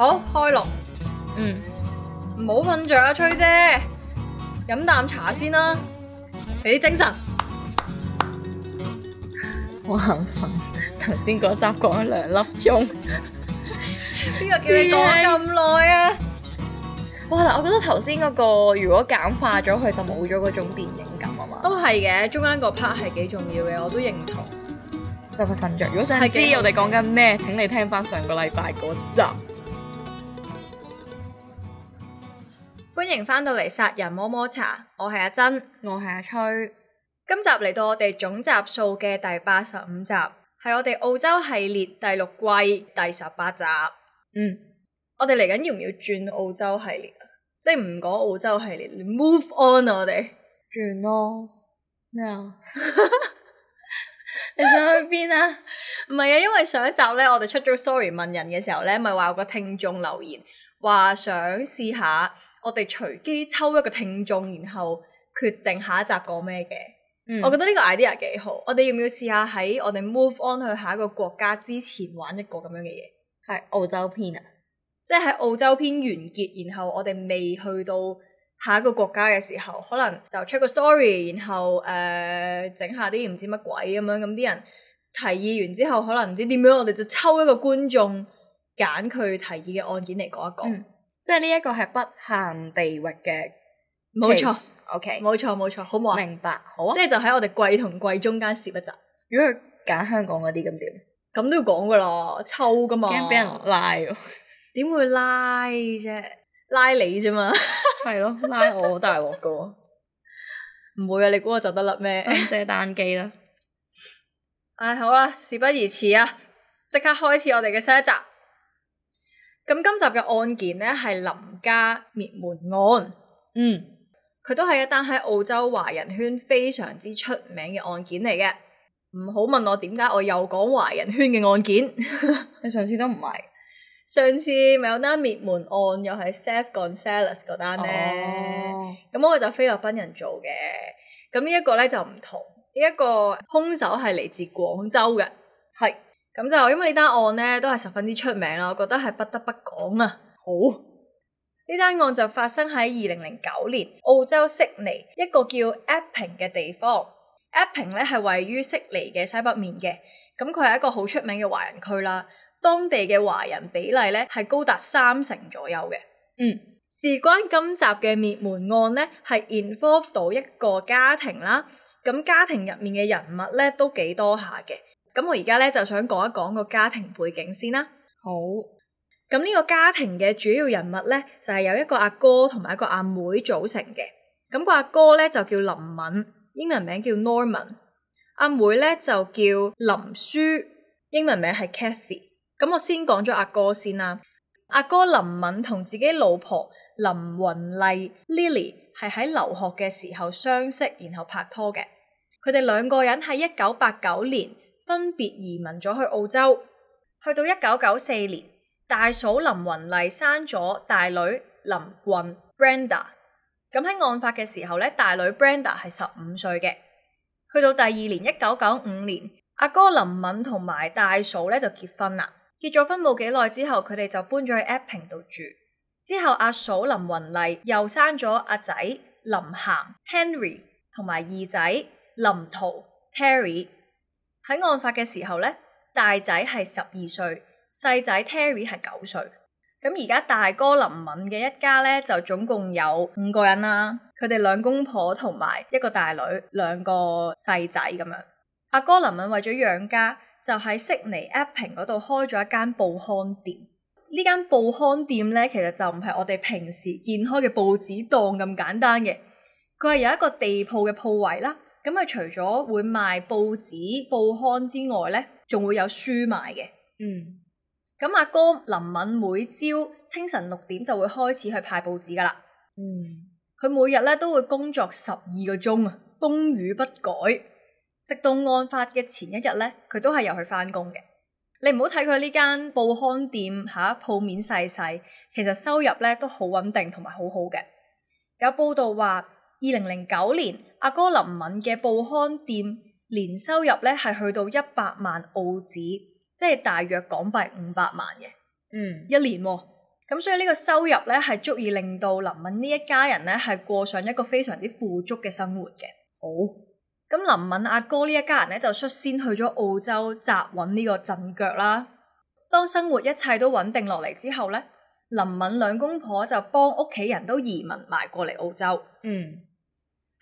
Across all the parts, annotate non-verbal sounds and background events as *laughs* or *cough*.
好開錄，嗯，唔好瞓着啊！崔姐，飲啖茶先啦，俾啲精神。好眼瞓，頭先嗰集講咗兩粒鐘，邊個叫你講咁耐啊？哇！嗱，我覺得頭先嗰個如果簡化咗，佢就冇咗嗰種電影感啊嘛。都係嘅，中間個 part 係幾重要嘅，我都認同。就係瞓着，如果想知我哋講緊咩，請你聽翻上個禮拜嗰集。歡迎翻到嚟《殺人摸摸茶》，我係阿珍，我係阿崔。今集嚟到我哋總集數嘅第八十五集，係我哋澳洲系列第六季第十八集。嗯，我哋嚟緊要唔要轉澳洲系列？即係唔講澳洲系列，你 move on，我哋轉咯咩啊？No. No. *laughs* 你想去邊啊？唔係啊，因為上一集咧，我哋出咗 story 問人嘅時候咧，咪話有個聽眾留言話想試下。我哋隨機抽一個聽眾，然後決定下一集講咩嘅。嗯、我覺得呢個 idea 幾好。我哋要唔要試下喺我哋 move on 去下一個國家之前，玩一個咁樣嘅嘢？係澳洲片啊，即係喺澳洲篇完結，然後我哋未去到下一個國家嘅時候，可能就出個 story，然後誒整、uh, 下啲唔知乜鬼咁樣，咁啲人提議完之後，可能唔知點樣，我哋就抽一個觀眾揀佢提議嘅案件嚟講一講。嗯即係呢一個係不限地域嘅錯，冇錯，OK，冇錯冇錯，好唔明白，好啊！即係就喺我哋貴同貴中間攝一集。如果佢揀香港嗰啲咁點？咁都要講噶啦，抽噶嘛，驚俾人拉、啊。點 *laughs* 會拉啫？拉你啫嘛？係 *laughs* 咯，拉我好大鑊噶喎，唔 *laughs* 會啊！你估我就得啦咩？真姐單機啦。唉、哎，好啦，事不宜遲啊，即 *laughs* 刻開始我哋嘅新一集。咁今集嘅案件咧係林家滅門案，嗯，佢都係一單喺澳洲華人圈非常之出名嘅案件嚟嘅。唔好問我點解我又講華人圈嘅案件， *laughs* 你上次都唔係，上次咪有單滅門案，oh. 又係 Sef Gonzales 嗰單咧，咁我就菲律賓人做嘅，咁呢一個咧就唔同，呢、這、一個凶手係嚟自廣州嘅，係。咁就因為呢單案呢都係十分之出名啦，我覺得係不得不講啊。好，哦，呢單案就發生喺二零零九年澳洲悉尼一個叫 Epping 嘅地方。Epping 咧係位於悉尼嘅西北面嘅，咁佢係一個好出名嘅華人區啦。當地嘅華人比例咧係高達三成左右嘅。嗯，事關今集嘅滅門案咧，係 involve 到一個家庭啦。咁家庭入面嘅人物咧都幾多下嘅。咁我而家咧就想講一講個家庭背景先啦。好，咁呢個家庭嘅主要人物咧就係由一個阿哥同埋一個阿妹組成嘅。咁、那個阿哥咧就叫林暋，英文名叫 Norman。阿妹咧就叫林舒，英文名係 Kathy。咁我先講咗阿哥先啦。阿哥林暋同自己老婆林雲麗 Lily 係喺留學嘅時候相識，然後拍拖嘅。佢哋兩個人喺一九八九年，分別移民咗去澳洲，去到一九九四年，大嫂林雲麗生咗大女林珺 Brenda。咁喺案發嘅時候咧，大女 Brenda 係十五歲嘅。去到第二年一九九五年，阿哥林暋同埋大嫂咧就結婚啦。結咗婚冇幾耐之後，佢哋就搬咗去 Epping 度住。之後阿嫂林雲麗又生咗阿仔林行 （Henry） 同埋二仔林濤 （Terry）。喺案發嘅時候咧，大仔係十二歲，細仔 Terry 係九歲。咁而家大哥林暋嘅一家咧，就總共有五個人啦。佢哋兩公婆同埋一個大女，兩個細仔咁樣。阿哥林暋為咗養家，就喺悉尼 Epping 嗰度開咗一間報刊店。呢間報刊店咧，其實就唔係我哋平時見開嘅報紙檔咁簡單嘅，佢係有一個地鋪嘅鋪位啦。咁佢除咗會賣報紙、報刊之外咧，仲會有書賣嘅。嗯。咁阿哥林暋每朝清晨六點就會開始去派報紙噶啦。嗯。佢每日咧都會工作十二個鐘啊，風雨不改，直到案發嘅前一日咧，佢都係有去翻工。嘅你唔好睇佢呢間報刊店吓，啊，鋪面細細，其實收入咧都好穩定同埋好好嘅。有報道話。二零零九年，阿哥林暋嘅報刊店年收入咧係去到一百萬澳紙，即係大約港幣五百萬嘅，嗯，一年喎、哦。咁所以呢個收入咧係足以令到林暋呢一家人咧係過上一個非常之富足嘅生活嘅。好、哦，咁林暋阿哥呢一家人咧就率先去咗澳洲，紮穩呢個陣腳啦。當生活一切都穩定落嚟之後咧，林暋兩公婆就幫屋企人都移民埋過嚟澳洲，嗯。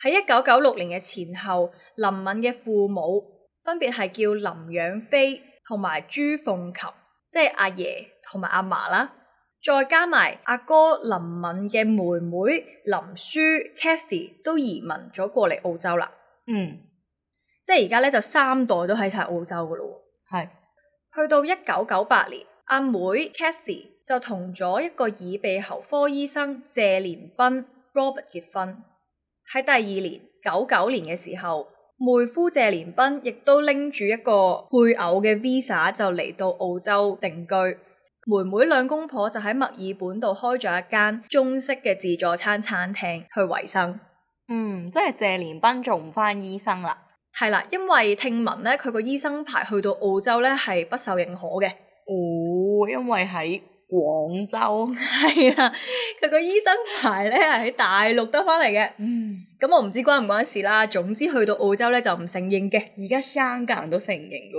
喺一九九六年嘅前後，林暋嘅父母分別係叫林養飛同埋朱鳳琴，即係阿爺同埋阿嫲啦。再加埋阿哥林暋嘅妹妹林舒 Kathy 都移民咗過嚟澳洲啦。嗯，即係而家咧就三代都喺晒澳洲噶啦。係是，去到一九九八年，阿妹 Kathy 就同咗一個耳鼻喉科醫生謝連斌 Robert 結婚。喺第二年九九年嘅時候，妹夫謝連斌亦都拎住一個配偶嘅 visa 就嚟到澳洲定居。妹妹兩公婆就喺墨爾本度開咗一間中式嘅自助餐餐廳去維生。嗯，即係謝連斌做唔翻醫生啦。係啦，因為聽聞咧佢個醫生牌去到澳洲咧係不受認可嘅。哦，因為喺……廣州係啊，佢個醫生牌咧係喺大陸得翻嚟嘅。嗯，咁我唔知關唔關事啦。總之去到澳洲咧就唔承認嘅。而家香港人都承認噶，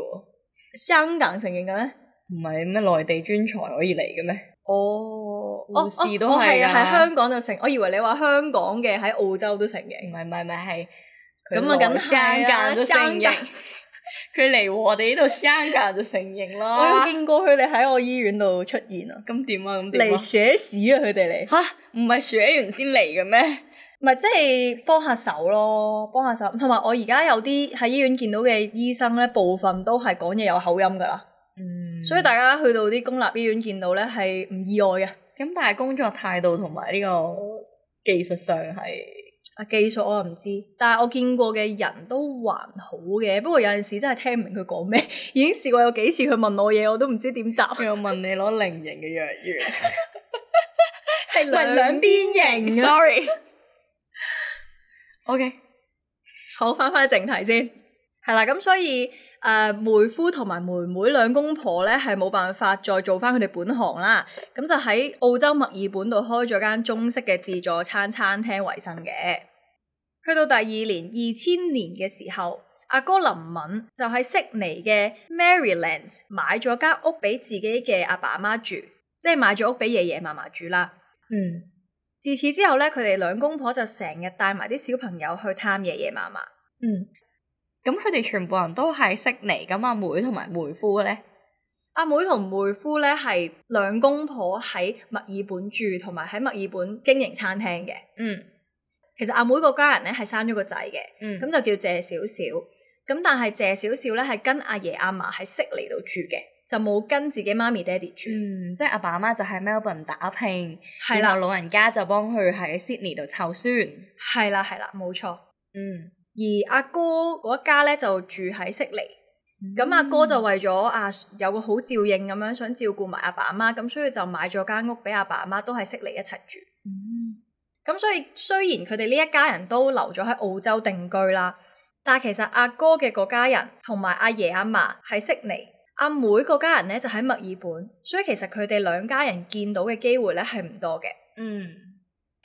香港承認嘅咩？唔係咩內地專才可以嚟嘅咩？哦，護士都係啊。喺香港就承，我以為你話香港嘅喺澳洲都承認。唔係唔係唔係，係咁啊，梗係都承認。佢嚟我哋呢度 s h 就承認啦。我，anga, *laughs* 我有見過佢哋喺我醫院度出現 *laughs* 啊，咁點啊？咁嚟寫屎啊！佢哋嚟吓？唔係寫完先嚟嘅咩？唔係，即係幫下手咯，幫下手。同埋我而家有啲喺醫院見到嘅醫生咧，部分都係講嘢有口音噶啦。嗯。所以大家去到啲公立醫院見到咧，係唔意外嘅。咁、嗯、但係工作態度同埋呢個技術上係。技術我又唔知，但係我見過嘅人都還好嘅。不過有陣時真係聽唔明佢講咩，已經試過有幾次佢問我嘢，我都唔知點答。佢 *laughs* 又問你攞菱形嘅藥丸，係兩邊形。 *laughs* Sorry。OK，好，翻返正題先。係啦，咁所以誒，呃、夫妹夫同埋妹妹兩公婆咧，係冇辦法再做翻佢哋本行啦。咁就喺澳洲墨爾本度開咗間中式嘅自助餐餐廳為生嘅。去到第二年，二千年嘅時候，阿哥林暋就喺悉尼嘅 Marylands 買咗間屋俾自己嘅阿爸阿媽住，即係買咗屋俾爺爺嫲嫲住啦。嗯，自此之後咧，佢哋兩公婆就成日帶埋啲小朋友去探爺爺嫲嫲。嗯，咁佢哋全部人都係悉尼噶？咁阿妹同埋妹夫咧，阿妹同妹夫咧係兩公婆喺墨爾本住，同埋喺墨爾本經營餐廳嘅。嗯。其實阿妹個家人咧係生咗個仔嘅，咁、嗯、就叫謝少少。咁但係謝少少咧係跟爺爺阿爺阿嫲喺悉尼度住嘅，就冇跟自己媽咪爹哋住。嗯，即係阿爸阿媽就喺 Melbourne 打拼，然後的的老人家就幫佢喺 Sydney 度湊孫。係啦，係啦，冇錯。嗯，而阿哥嗰一家咧就住喺悉尼。咁阿哥就為咗阿、啊、有個好照應咁樣，想照顧埋阿爸阿媽，咁所以就買咗間屋俾阿爸阿媽，都喺悉尼一齊住。嗯咁所以雖然佢哋呢一家人都留咗喺澳洲定居啦，但係其實阿哥嘅嗰家人同埋阿爺阿嫲喺悉尼，阿妹嗰家人咧就喺墨爾本，所以其實佢哋兩家人見到嘅機會咧係唔多嘅。嗯，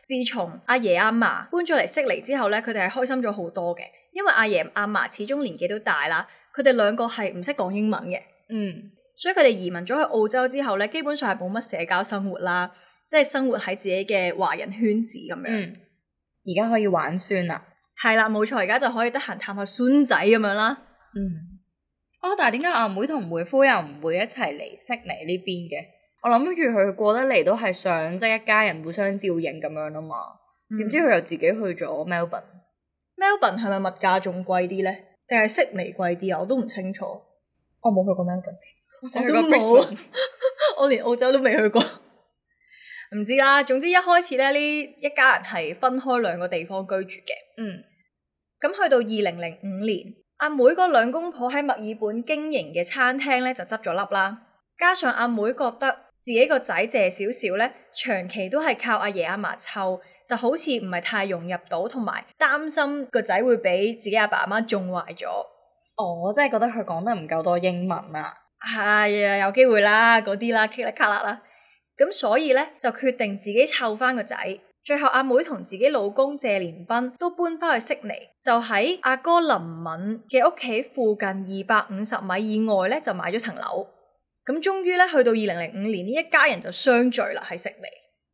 自從阿爺阿嫲搬咗嚟悉尼之後咧，佢哋係開心咗好多嘅，因為阿爺阿嫲始終年紀都大啦，佢哋兩個係唔識講英文嘅。嗯，所以佢哋移民咗去澳洲之後咧，基本上係冇乜社交生活啦。即係生活喺自己嘅華人圈子咁樣，而家、嗯、可以玩孫啦，係啦，冇錯，而家就可以得閒探下孫仔咁樣啦。嗯，啊、哦，但係點解阿妹同妹，妹夫又唔會一齊嚟悉尼呢邊嘅？我諗住佢過得嚟都係想即係、就是、一家人互相照應咁樣啊嘛。點知佢又自己去咗 Melbourne。Melbourne 係咪物價仲貴啲咧？定係悉尼貴啲啊？我都唔清楚。我冇去過 Melbourne，我真係冇 *laughs* 我連澳洲都未去過。唔知啦，總之一開始咧，呢一家人係分開兩個地方居住嘅。嗯，咁去到二零零五年，阿妹嗰兩公婆喺墨爾本經營嘅餐廳咧就執咗笠啦。加上阿妹覺得自己個仔借少少咧，長期都係靠阿爺阿嫲湊，就好似唔係太融入到，同埋擔心個仔會俾自己阿爸阿媽縱壞咗。我真係覺得佢講得唔夠多英文啊！係啊，有機會啦，嗰啲啦，嘰里卡啦啦。咁所以咧就決定自己湊翻個仔，最後阿妹同自己老公謝連斌都搬翻去悉尼，就喺阿哥林暋嘅屋企附近二百五十米以外咧就買咗層樓，咁終於咧去到二零零五年呢一家人就相聚啦喺悉尼。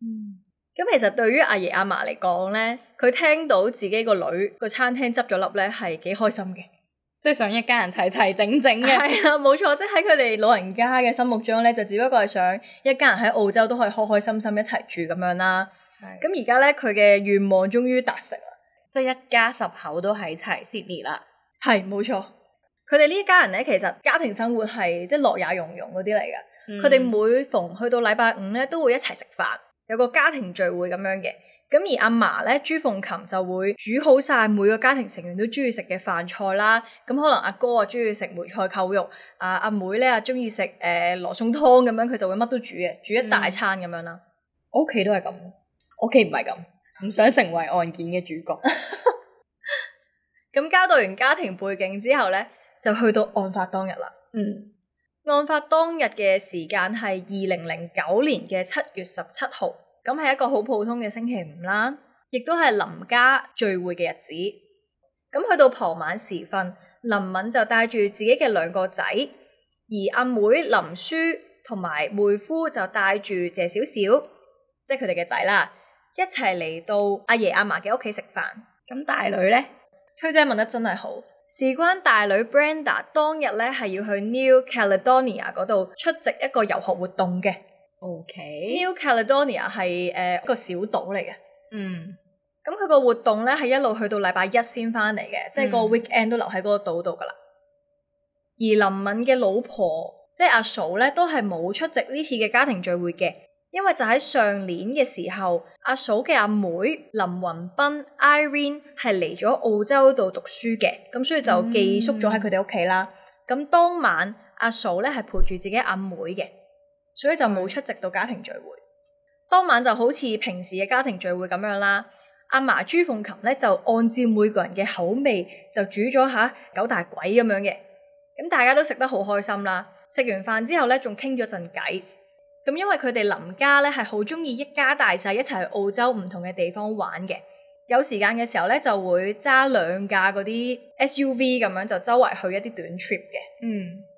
嗯，咁其實對於阿爺阿嫲嚟講咧，佢聽到自己個女個餐廳執咗笠咧係幾開心嘅。即係想一家人齊齊整整嘅。係啊，冇錯，即係喺佢哋老人家嘅心目中咧，就只不過係想一家人喺澳洲都可以開開心心一齊住咁樣啦。係的，咁而家咧佢嘅願望終於達成啦，即係一家十口都喺齊，Sydney 啦，係冇錯。佢哋呢家人咧，其實家庭生活係即係樂也融融嗰啲嚟嘅。佢哋、嗯、每逢去到禮拜五咧，都會一齊食飯，有個家庭聚會咁樣嘅。咁而阿嫲咧，朱鳳琴就會煮好晒每個家庭成員都中意食嘅飯菜啦。咁可能阿哥啊中意食梅菜扣肉，啊阿妹咧啊中意食誒羅宋湯咁樣，佢就會乜都煮嘅，煮一大餐咁樣啦。嗯、我屋企都係咁，我屋企唔係咁，唔想成為案件嘅主角。咁 *laughs* *laughs* 交代完家庭背景之後咧，就去到案發當日啦。嗯，案發當日嘅時間係二零零九年嘅七月十七號。咁係一個好普通嘅星期五啦，亦都係林家聚會嘅日子。咁去到傍晚時分，林暋就帶住自己嘅兩個仔，而阿妹林舒同埋妹夫就帶住謝小小，即係佢哋嘅仔啦，一齊嚟到阿爺阿嫲嘅屋企食飯。咁大女呢，崔姐問得真係好。事關大女 Brenda 當日咧係要去 New Caledonia 嗰度出席一個遊學活動嘅。Okay，New Caledonia 係、呃、一個小島嚟嘅。嗯，咁佢個活動咧係一路去到禮拜一先翻嚟嘅，嗯、即係個 weekend 都留喺嗰個島度噶啦。而林敏暋嘅老婆即係阿嫂咧，都係冇出席呢次嘅家庭聚會嘅，因為就喺上年嘅時候，阿嫂嘅阿妹林雲斌 Irene 係嚟咗澳洲度讀書嘅，咁所以就寄宿咗喺佢哋屋企啦。咁、嗯、當晚阿嫂咧係陪住自己阿妹嘅。所以就冇出席到家庭聚會。當晚就好似平時嘅家庭聚會咁樣啦。阿嫲朱鳳琴咧就按照每個人嘅口味就煮咗下、啊「九大簋」咁樣嘅。咁大家都食得好開心啦。食完飯之後咧仲傾咗陣偈。咁因為佢哋林家咧係好中意一家大細一齊去澳洲唔同嘅地方玩嘅。有時間嘅時候咧就會揸兩架嗰啲 SUV 咁樣就周圍去一啲短 trip 嘅。嗯。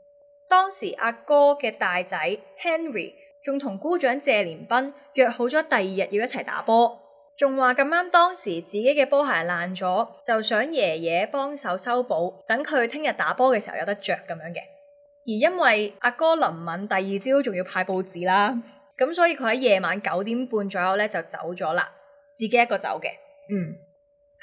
當時阿哥嘅大仔 Henry 仲同姑丈謝連斌約好咗第二日要一齊打波，仲話咁啱當時自己嘅波鞋爛咗，就想爺爺幫手修補，等佢聽日打波嘅時候有得着咁樣嘅。而因為阿哥，哥林暋第二朝仲要派報紙啦，咁所以佢喺夜晚九點半左右咧就走咗啦，自己一個走嘅。嗯，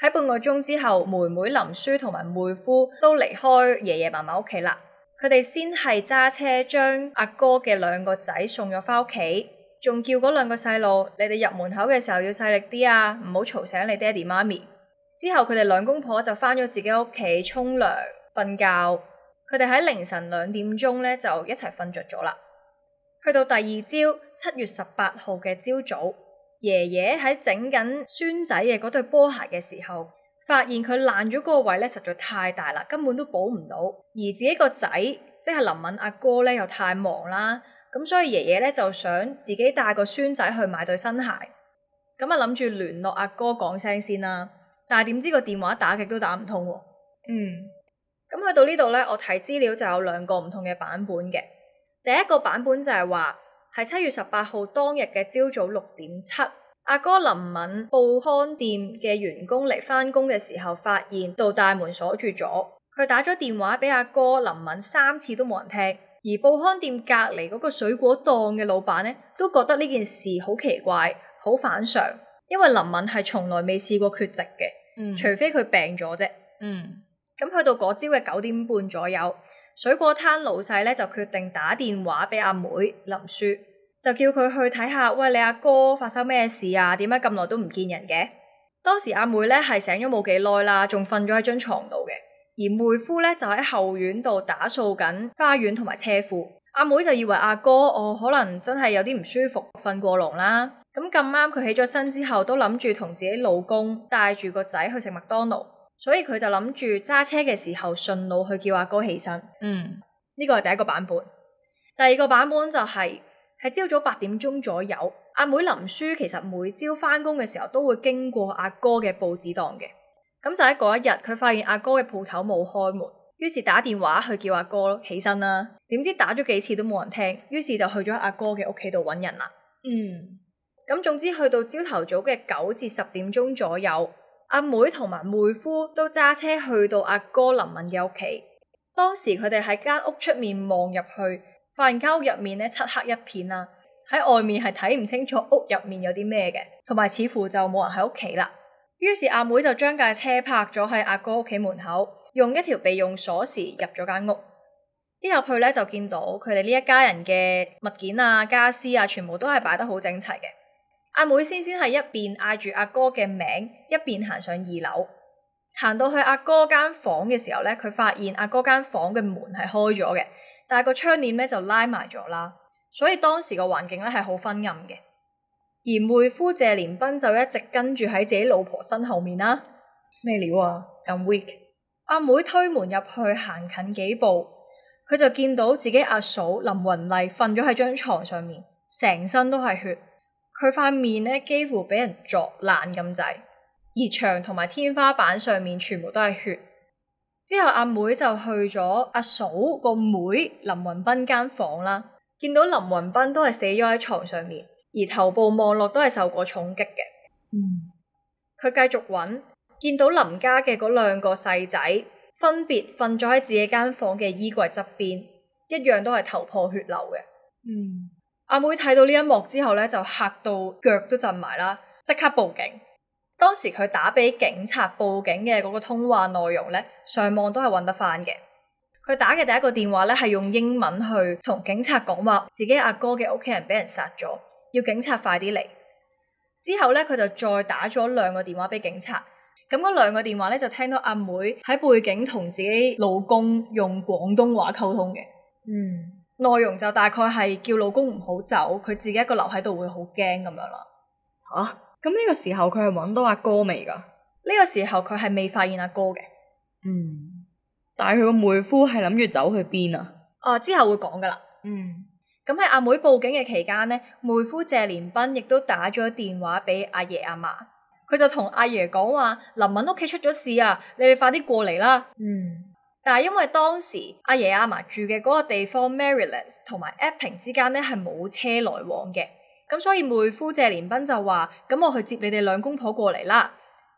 喺半個鐘之後，妹妹林舒同埋妹夫都離開爺爺嫲嫲屋企啦。佢哋先係揸車將阿哥嘅兩個仔送咗翻屋企，仲叫嗰兩個細路，你哋入門口嘅時候要細力啲啊，唔好嘈醒你爹哋媽咪。之後佢哋兩公婆就翻咗自己屋企沖涼瞓覺，佢哋喺凌晨兩點鐘咧就一齊瞓着咗啦。去到第二朝七月十八號嘅朝早，爺爺喺整緊孫仔嘅嗰對波鞋嘅時候，發現佢爛咗嗰個位咧實在太大啦，根本都補唔到。而自己個仔即係林暋阿、啊、哥咧又太忙啦，咁所以爺爺咧就想自己帶個孫仔去買對新鞋。咁啊諗住聯絡阿哥講聲先啦，但係點知個電話打極都打唔通。嗯，咁去到呢度咧，我睇資料就有兩個唔同嘅版本嘅。第一個版本就係話係七月十八號當日嘅朝早六點七。阿哥林暋報刊店嘅員工嚟翻工嘅時候，發現到大門鎖住咗，佢打咗電話俾阿哥，哥林暋三次都冇人聽，而報刊店隔籬嗰個水果檔嘅老闆呢，都覺得呢件事好奇怪，好反常，因為林暋係從來未試過缺席嘅。嗯、除非佢病咗啫。嗯，咁去到嗰朝嘅九點半左右，水果攤老細呢就決定打電話俾阿妹，妹林舒，就叫佢去睇下，喂，你阿哥發生咩事啊？點解咁耐都唔見人嘅？當時阿妹咧係醒咗冇幾耐啦，仲瞓咗喺張床度嘅。而妹夫咧就喺後院度打掃緊花園同埋車庫。阿妹就以為阿哥哦，可能真係有啲唔舒服，瞓過龍啦。咁咁啱佢起咗身之後，都諗住同自己老公帶住個仔去食麥當勞，所以佢就諗住揸車嘅時候順路去叫阿哥起身。嗯，呢個係第一個版本。第二個版本就係。係朝早八點鐘左右，阿妹林書，其實每朝翻工嘅時候都會經過阿哥嘅報紙檔嘅，咁就喺嗰一日佢發現阿哥嘅鋪頭冇開門，於是打電話去叫阿哥囉起身啦。點知打咗幾次都冇人聽，於是就去咗阿哥嘅屋企度揾人啦。嗯，咁總之去到朝頭早嘅九至十點鐘左右，阿妹同埋妹夫都揸車去到阿哥林暋嘅屋企，當時佢哋喺間屋出面望入去。發現間屋入面咧，漆黑一片啦。喺外面係睇唔清楚屋入面有啲咩嘅，同埋似乎就冇人喺屋企啦。於是阿妹,妹就將架車泊咗喺阿哥屋企門口，用一條備用鎖匙入咗間屋。一入去咧，就見到佢哋呢一家人嘅物件啊、家私啊，全部都係擺得好整齊嘅。阿妹,妹先先係一邊嗌住阿哥嘅名，一邊行上二樓。行到去阿哥,哥間房嘅時候咧，佢發現阿哥,哥間房嘅門係開咗嘅。但係個窗簾咧就拉埋咗啦，所以當時個環境咧係好昏暗嘅。而妹夫謝連斌就一直跟住喺自己老婆身後面啦。咩料啊？咁 weak！阿妹推門入去，行近幾步，佢就見到自己阿嫂林雲麗瞓咗喺張床上面，成身都係血。佢塊面咧幾乎俾人鑿爛咁滯，而牆同埋天花板上面全部都係血。之後阿妹就去咗阿嫂個妹林雲斌間房啦，見到林雲斌都係死咗喺床上面，而頭部望落都係受過重擊嘅。嗯，佢繼續揾，見到林家嘅嗰兩個細仔分別瞓咗喺自己間房嘅衣櫃側邊，一樣都係頭破血流嘅。嗯，阿妹睇到呢一幕之後咧，就嚇到腳都震埋啦，即刻報警。當時佢打俾警察報警嘅嗰個通話內容呢，上網都係揾得翻嘅。佢打嘅第一個電話呢，係用英文去同警察講話，自己阿哥嘅屋企人俾人殺咗，要警察快啲嚟。之後呢，佢就再打咗兩個電話俾警察。咁嗰兩個電話呢，就聽到阿妹喺背景同自己老公用廣東話溝通嘅。嗯，內容就大概係叫老公唔好走，佢自己一個留喺度會好驚咁樣啦。吓、啊？咁呢個時候佢係揾到阿哥未噶？呢個時候佢係未發現阿哥嘅。嗯，但係佢個妹夫係諗住走去邊啊？哦，之後會講噶啦。嗯，咁喺阿妹報警嘅期間咧，妹夫謝連斌亦都打咗電話俾阿爺阿嫲，佢就同阿爺講話：林暋屋企出咗事啊，你哋快啲過嚟啦。嗯，但係因為當時阿爺阿嫲住嘅嗰個地方 Maryland 同埋、e、Epping 之間咧係冇車來往嘅。咁所以妹夫謝連斌就話：咁我去接你哋兩公婆過嚟啦，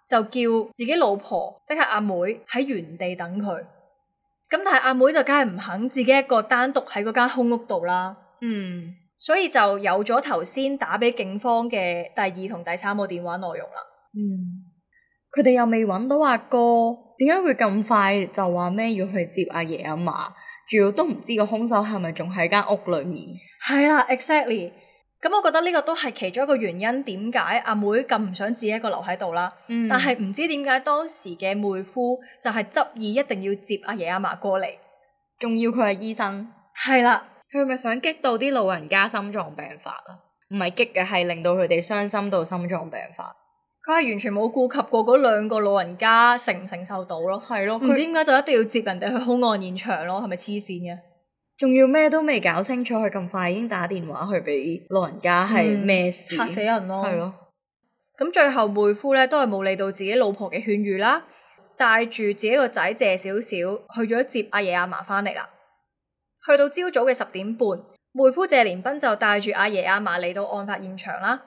就叫自己老婆即係阿妹喺原地等佢。咁但係阿妹，妹就梗係唔肯自己一個單獨喺嗰間空屋度啦。嗯，所以就有咗頭先打畀警方嘅第二同第三個電話內容啦。嗯，佢哋又未揾到阿哥，點解會咁快就話咩要去接阿爺阿嫲？仲要都唔知個兇手係咪仲喺間屋裏面？係啊，exactly。咁我覺得呢個都係其中一個原因，點解阿妹咁唔想自己一個留喺度啦？嗯、但係唔知點解當時嘅妹夫就係執意一定要接阿爺阿嫲過嚟，仲要佢係醫生，係啦，佢係咪想激到啲老人家心臟病發啊？唔係激嘅，係令到佢哋傷心到心臟病發。佢係完全冇顧及過嗰兩個老人家承唔承受到咯，係咯，唔知點解就一定要接人哋去兇案現場咯，係咪黐線嘅？仲要咩都未搞清楚，佢咁快已經打電話去俾老人家係咩事？嗯、嚇死人咯！係咯的，咁最後妹夫咧都係冇理到自己老婆嘅勸喻啦，帶住自己個仔謝小小去咗接阿爺阿嫲翻嚟。啦去到朝早嘅十點半，妹夫謝連斌就帶住阿爺阿嫲嚟到案發現場啦。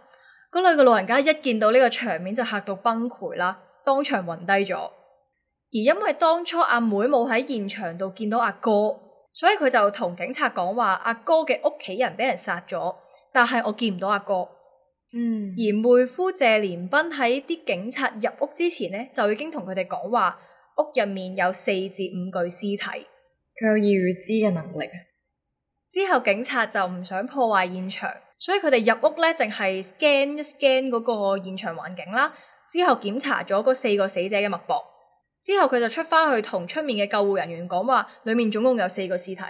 嗰兩個老人家一見到呢個場面就嚇到崩潰啦，當場暈低咗。而因為當初阿妹冇喺現場度見到阿哥，所以佢就同警察講話：阿哥嘅屋企人俾人殺咗，但係我見唔到阿哥，哥。嗯，而妹夫謝連斌喺啲警察入屋之前呢，就已經同佢哋講話，屋入面有四至五具屍體。佢有預知嘅能力。之後警察就唔想破壞現場，所以佢哋入屋呢，淨係 sc scan scan 嗰個現場環境啦。之後檢查咗嗰四個死者嘅脈搏。之後佢就出翻去同出面嘅救護人員講話，裏面總共有四個屍體。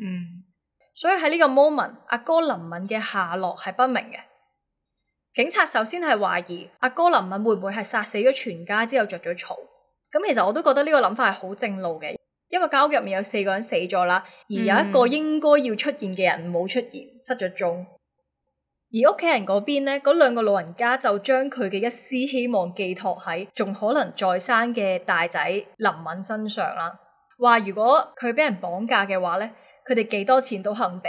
嗯，所以喺呢個 moment，阿哥林暋嘅下落係不明嘅。警察首先係懷疑阿哥林暋會唔會係殺死咗全家之後着咗草。咁其實我都覺得呢個諗法係好正路嘅，因為家屋入面有四個人死咗啦，而有一個應該要出現嘅人冇出現，失咗蹤。而屋企人嗰邊呢，嗰兩個老人家就將佢嘅一絲希望寄託喺仲可能在生嘅大仔林暋身上啦，話如果佢俾人綁架嘅話呢，佢哋幾多錢都肯俾。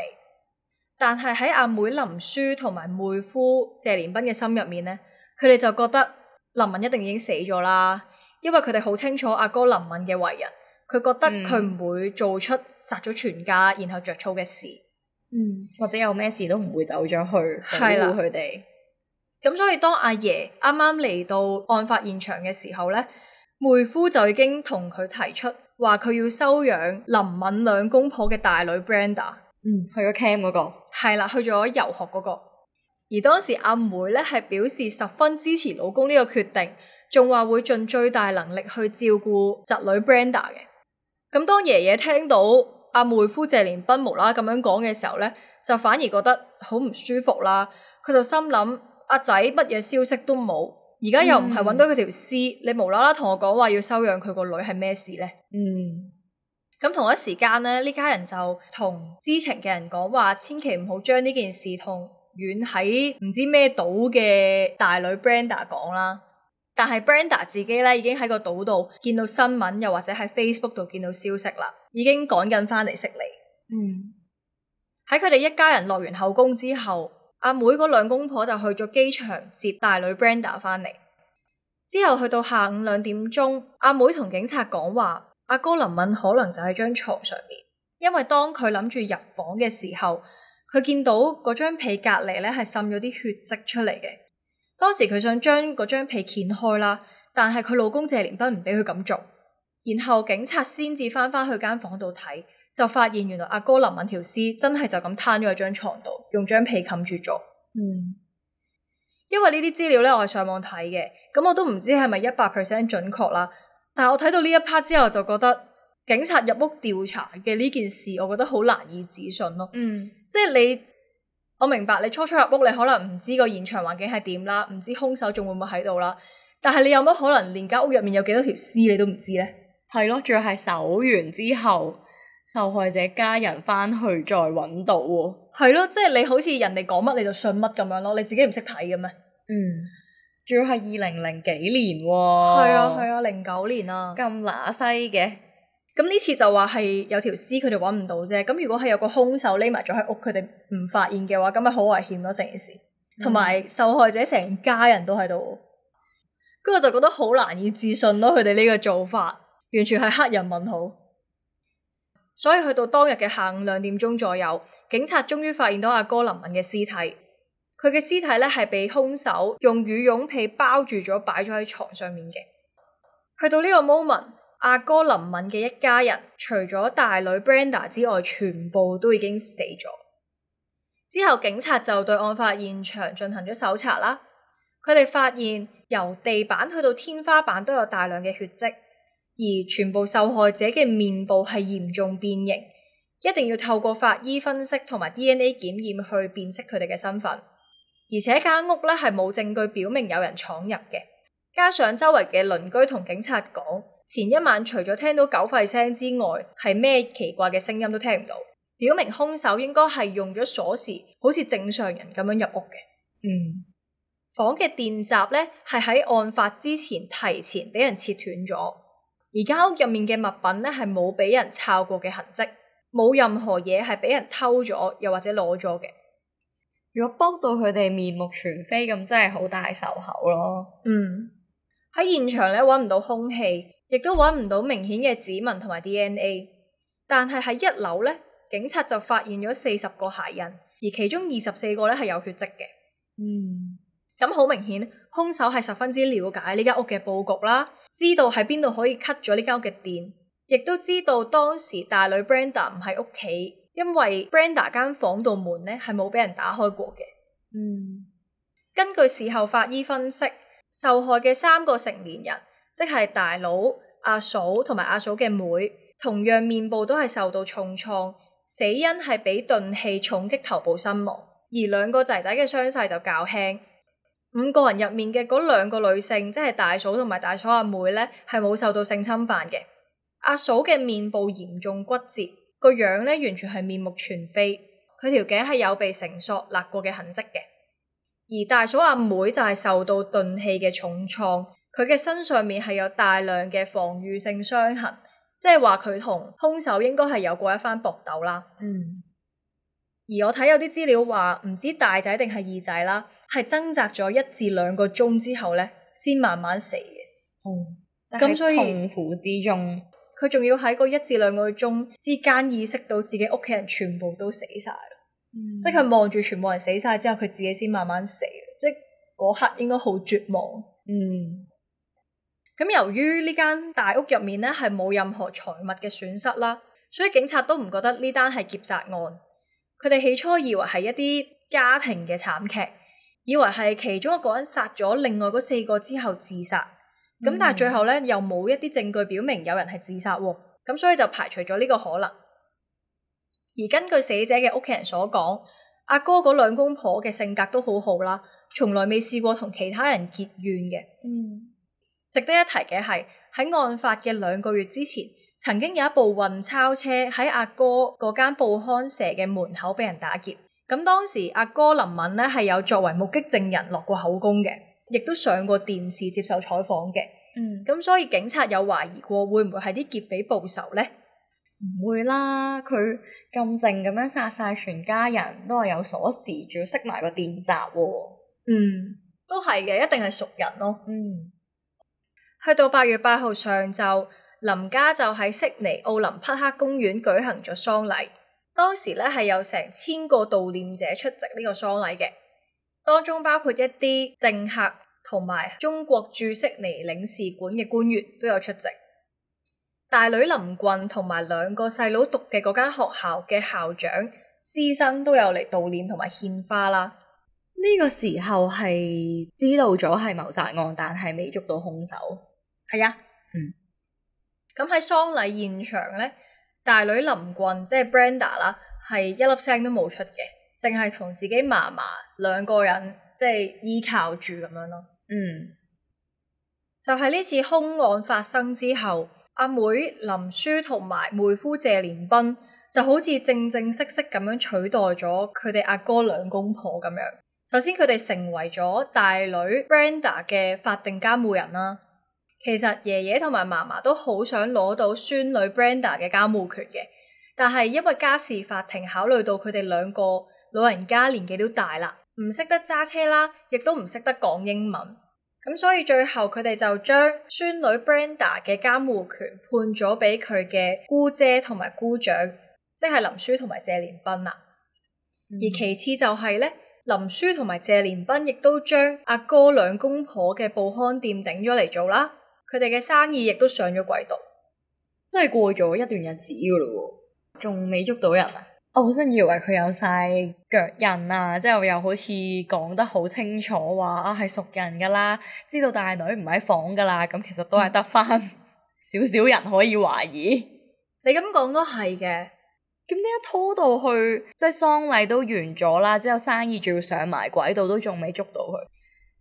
但係喺阿妹林舒同埋妹夫謝連斌嘅心入面呢，佢哋就覺得林暋一定已經死咗啦，因為佢哋好清楚阿哥，哥林暋嘅為人，佢覺得佢唔會做出殺咗全家然後着草嘅事。嗯嗯，或者有咩事都唔會走咗去照顧佢哋。咁的們所以當阿爺啱啱嚟到案發現場嘅時候咧，妹夫就已經同佢提出話佢要收養林暋兩公婆嘅大女 Brenda。嗯，去咗 Cam 嗰、那個，係啦，去咗遊學嗰、那個。而當時阿妹咧係表示十分支持老公呢個決定，仲話會盡最大能力去照顧侄女 Brenda 嘅。咁當爺爺聽到。阿妹夫謝連斌無啦啦咁樣講嘅時候咧，就反而覺得好唔舒服啦。佢就心諗，阿仔乜嘢消息都冇，而家又唔係搵到佢條屍，嗯，你無啦啦同我講話要收養佢個女係咩事咧？嗯，咁同一時間咧，呢家人就同知情嘅人講話，千祈唔好將呢件事同遠喺唔知咩島嘅大女 Brenda 講、er、啦。但係 Brenda 自己咧已經喺個島度見到新聞，又或者喺 Facebook 度見到消息啦，已經趕緊翻嚟悉尼。嗯，喺佢哋一家人落完口供之後，阿妹嗰兩公婆就去咗機場接大女 Brenda 翻嚟。之後去到下午兩點鐘，阿妹同警察講話：阿哥林暋可能就喺張床上面，因為當佢諗住入房嘅時候，佢見到嗰張被隔籬咧係滲咗啲血跡出嚟嘅。當時佢想將嗰張被掀開啦，但係佢老公謝連斌唔畀佢咁做，然後警察先至翻返去間房度睇，就發現原來阿哥林暋條屍真係就咁攤咗喺張床度，用張被冚住咗。嗯，因為呢啲資料咧，我係上網睇嘅，咁我都唔知係咪一百 percent 準確啦。但係我睇到呢一 part 之後，就覺得警察入屋調查嘅呢件事，我覺得好難以置信咯。嗯，即係你。我明白你初初入屋，你可能唔知個現場環境係點啦，唔知凶手仲會唔會喺度啦。但係你有乜可能連間屋入面有幾多條屍你都唔知咧？係咯，仲要係搜完之後，受害者家人翻去再揾到喎。係咯，即係你好似人哋講乜你就信乜咁樣咯，你自己唔識睇嘅咩？嗯，仲要係二零零幾年喎。係啊，係啊，零九年啊，咁乸西嘅。咁呢次就話係有條屍佢哋揾唔到啫，咁如果係有個兇手匿埋咗喺屋，佢哋唔發現嘅話，咁咪好危險咯成件事，同埋受害者成家人都喺度，咁、嗯、我就覺得好難以置信咯，佢哋呢個做法完全係黑人問號，所以去到當日嘅下午兩點鐘左右，警察終於發現到阿哥林暋嘅屍體，佢嘅屍體咧係被兇手用羽絨被包住咗，擺咗喺床上面嘅，去到呢個 moment。阿哥林暋嘅一家人，除咗大女 Brenda 之外，全部都已經死咗。之後警察就對案發現場進行咗搜查啦。佢哋發現由地板去到天花板都有大量嘅血跡，而全部受害者嘅面部係嚴重變形，一定要透過法醫分析同埋 DNA 檢驗去辨識佢哋嘅身份。而且間屋咧係冇證據表明有人闖入嘅，加上周圍嘅鄰居同警察講。前一晚除咗聽到狗吠聲之外，係咩奇怪嘅聲音都聽唔到，表明兇手應該係用咗鎖匙，好似正常人咁樣入屋嘅。嗯，房嘅電閘咧係喺案發之前提前俾人切斷咗。而家屋入面嘅物品咧係冇俾人抄過嘅痕跡，冇任何嘢係俾人偷咗又或者攞咗嘅。如果幫到佢哋面目全非咁，真係好大仇口咯。嗯，喺現場咧揾唔到兇器。亦都揾唔到明顯嘅指紋同埋 DNA，但係喺一樓呢，警察，就發現咗四十個鞋印，而其中二十四個呢係有血跡嘅。嗯，咁好明顯，兇手係十分之了解呢間屋嘅佈局啦，知道喺邊度可以 cut 咗呢間屋嘅電，亦都知道當時大女 Brenda 唔喺屋企，因為 Brenda 間房度門呢係冇俾人打開過嘅。嗯，根據事後法醫分析，受害嘅三個成年人。即係大佬、阿嫂同埋阿嫂嘅妹，同樣面部都係受到重創，死因係俾鈍器重擊頭部身亡。而兩個仔仔嘅傷勢就較輕。五個人入面嘅嗰兩個女性，即係大嫂同埋大嫂阿妹呢，係冇受到性侵犯嘅。阿嫂嘅面部嚴重骨折，個樣呢完全係面目全非。佢條頸係有被繩索勒過嘅痕跡嘅。而大嫂阿妹就係受到鈍器嘅重創。佢嘅身上面係有大量嘅防禦性傷痕，即係話佢同兇手應該係有過一番搏鬥啦。嗯。而我睇有啲資料話，唔知大仔定係二仔啦，係掙扎咗一至兩個鐘之後咧，先慢慢死嘅。嗯。咁、就是、所以痛苦之中，佢仲要喺嗰一至兩個鐘之間意識到自己屋企人全部都死晒、嗯、即係佢望住全部人死晒之後，佢自己先慢慢死。即係嗰刻應該好絕望。嗯。咁由於呢間大屋入面呢係冇任何財物嘅損失啦，所以警察都唔覺得呢單係劫殺案。佢哋起初以為係一啲家庭嘅慘劇，以為係其中一個人殺咗另外嗰四個之後自殺。咁、嗯、但係最後呢又冇一啲證據表明有人係自殺，咁所以就排除咗呢個可能。而根據死者嘅屋企人所講，阿哥嗰兩公婆嘅性格都好好啦，從來未試過同其他人結怨嘅。嗯。值得一提嘅係喺案發嘅兩個月之前，曾經有一部運鈔車喺阿哥嗰間報刊社嘅門口俾人打劫。咁當時阿哥林暋呢係有作為目擊證人落過口供嘅，亦都上過電視接受採訪嘅。嗯，咁所以警察有懷疑過會唔會係啲劫匪報仇呢？唔會啦，佢咁靜咁樣殺晒全家人都係有鎖匙，仲要熄埋個電閘、啊。嗯，都係嘅，一定係熟人咯。嗯。去到八月八號上晝，林家就喺悉尼奧林匹克公園舉行咗喪禮。當時咧係有成千個悼念者出席呢個喪禮嘅，當中包括一啲政客同埋中國駐悉尼領事館嘅官員都有出席。大女林珺同埋兩個細佬讀嘅嗰間學校嘅校長、師生都有嚟悼念，同埋獻花啦。呢個時候係知道咗係謀殺案，但係未捉到兇手。係啊，嗯，咁喺喪禮現場咧，大女林珺即係 Brenda 啦，係一粒聲都冇出嘅，淨係同自己嫲嫲兩個人即係依靠住咁樣咯。嗯，就係呢次兇案發生之後，阿妹林書同埋妹夫謝連斌就好似正正式式咁樣取代咗佢哋阿哥兩公婆咁樣。首先，佢哋成為咗大女 Brenda 嘅法定監護人啦。其實爺爺同埋嫲嫲都好想攞到孫女 Brenda 嘅監護權嘅，但係因為家事法庭考慮到佢哋兩個老人家年紀都大啦，唔識得揸車啦，亦都唔識得講英文，咁所以最後佢哋就將孫女 Brenda 嘅監護權判咗畀佢嘅姑姐同埋姑丈，即係林書同埋謝連斌啦。嗯、而其次就係咧，林書同埋謝連斌亦都將阿哥兩公婆嘅報刊店頂咗嚟做啦。佢哋嘅生意亦都上咗軌道，真係過咗一段日子噶啦，仲未捉到人啊！我真以為佢有晒腳印啊，之後又好似講得好清楚話啊係熟人噶啦，知道大女唔喺房噶啦，咁其實都係得翻少少人可以懷疑。你咁講都係嘅，咁點解拖到去即係喪禮都完咗啦，之後生意仲要上埋軌道都，都仲未捉到佢？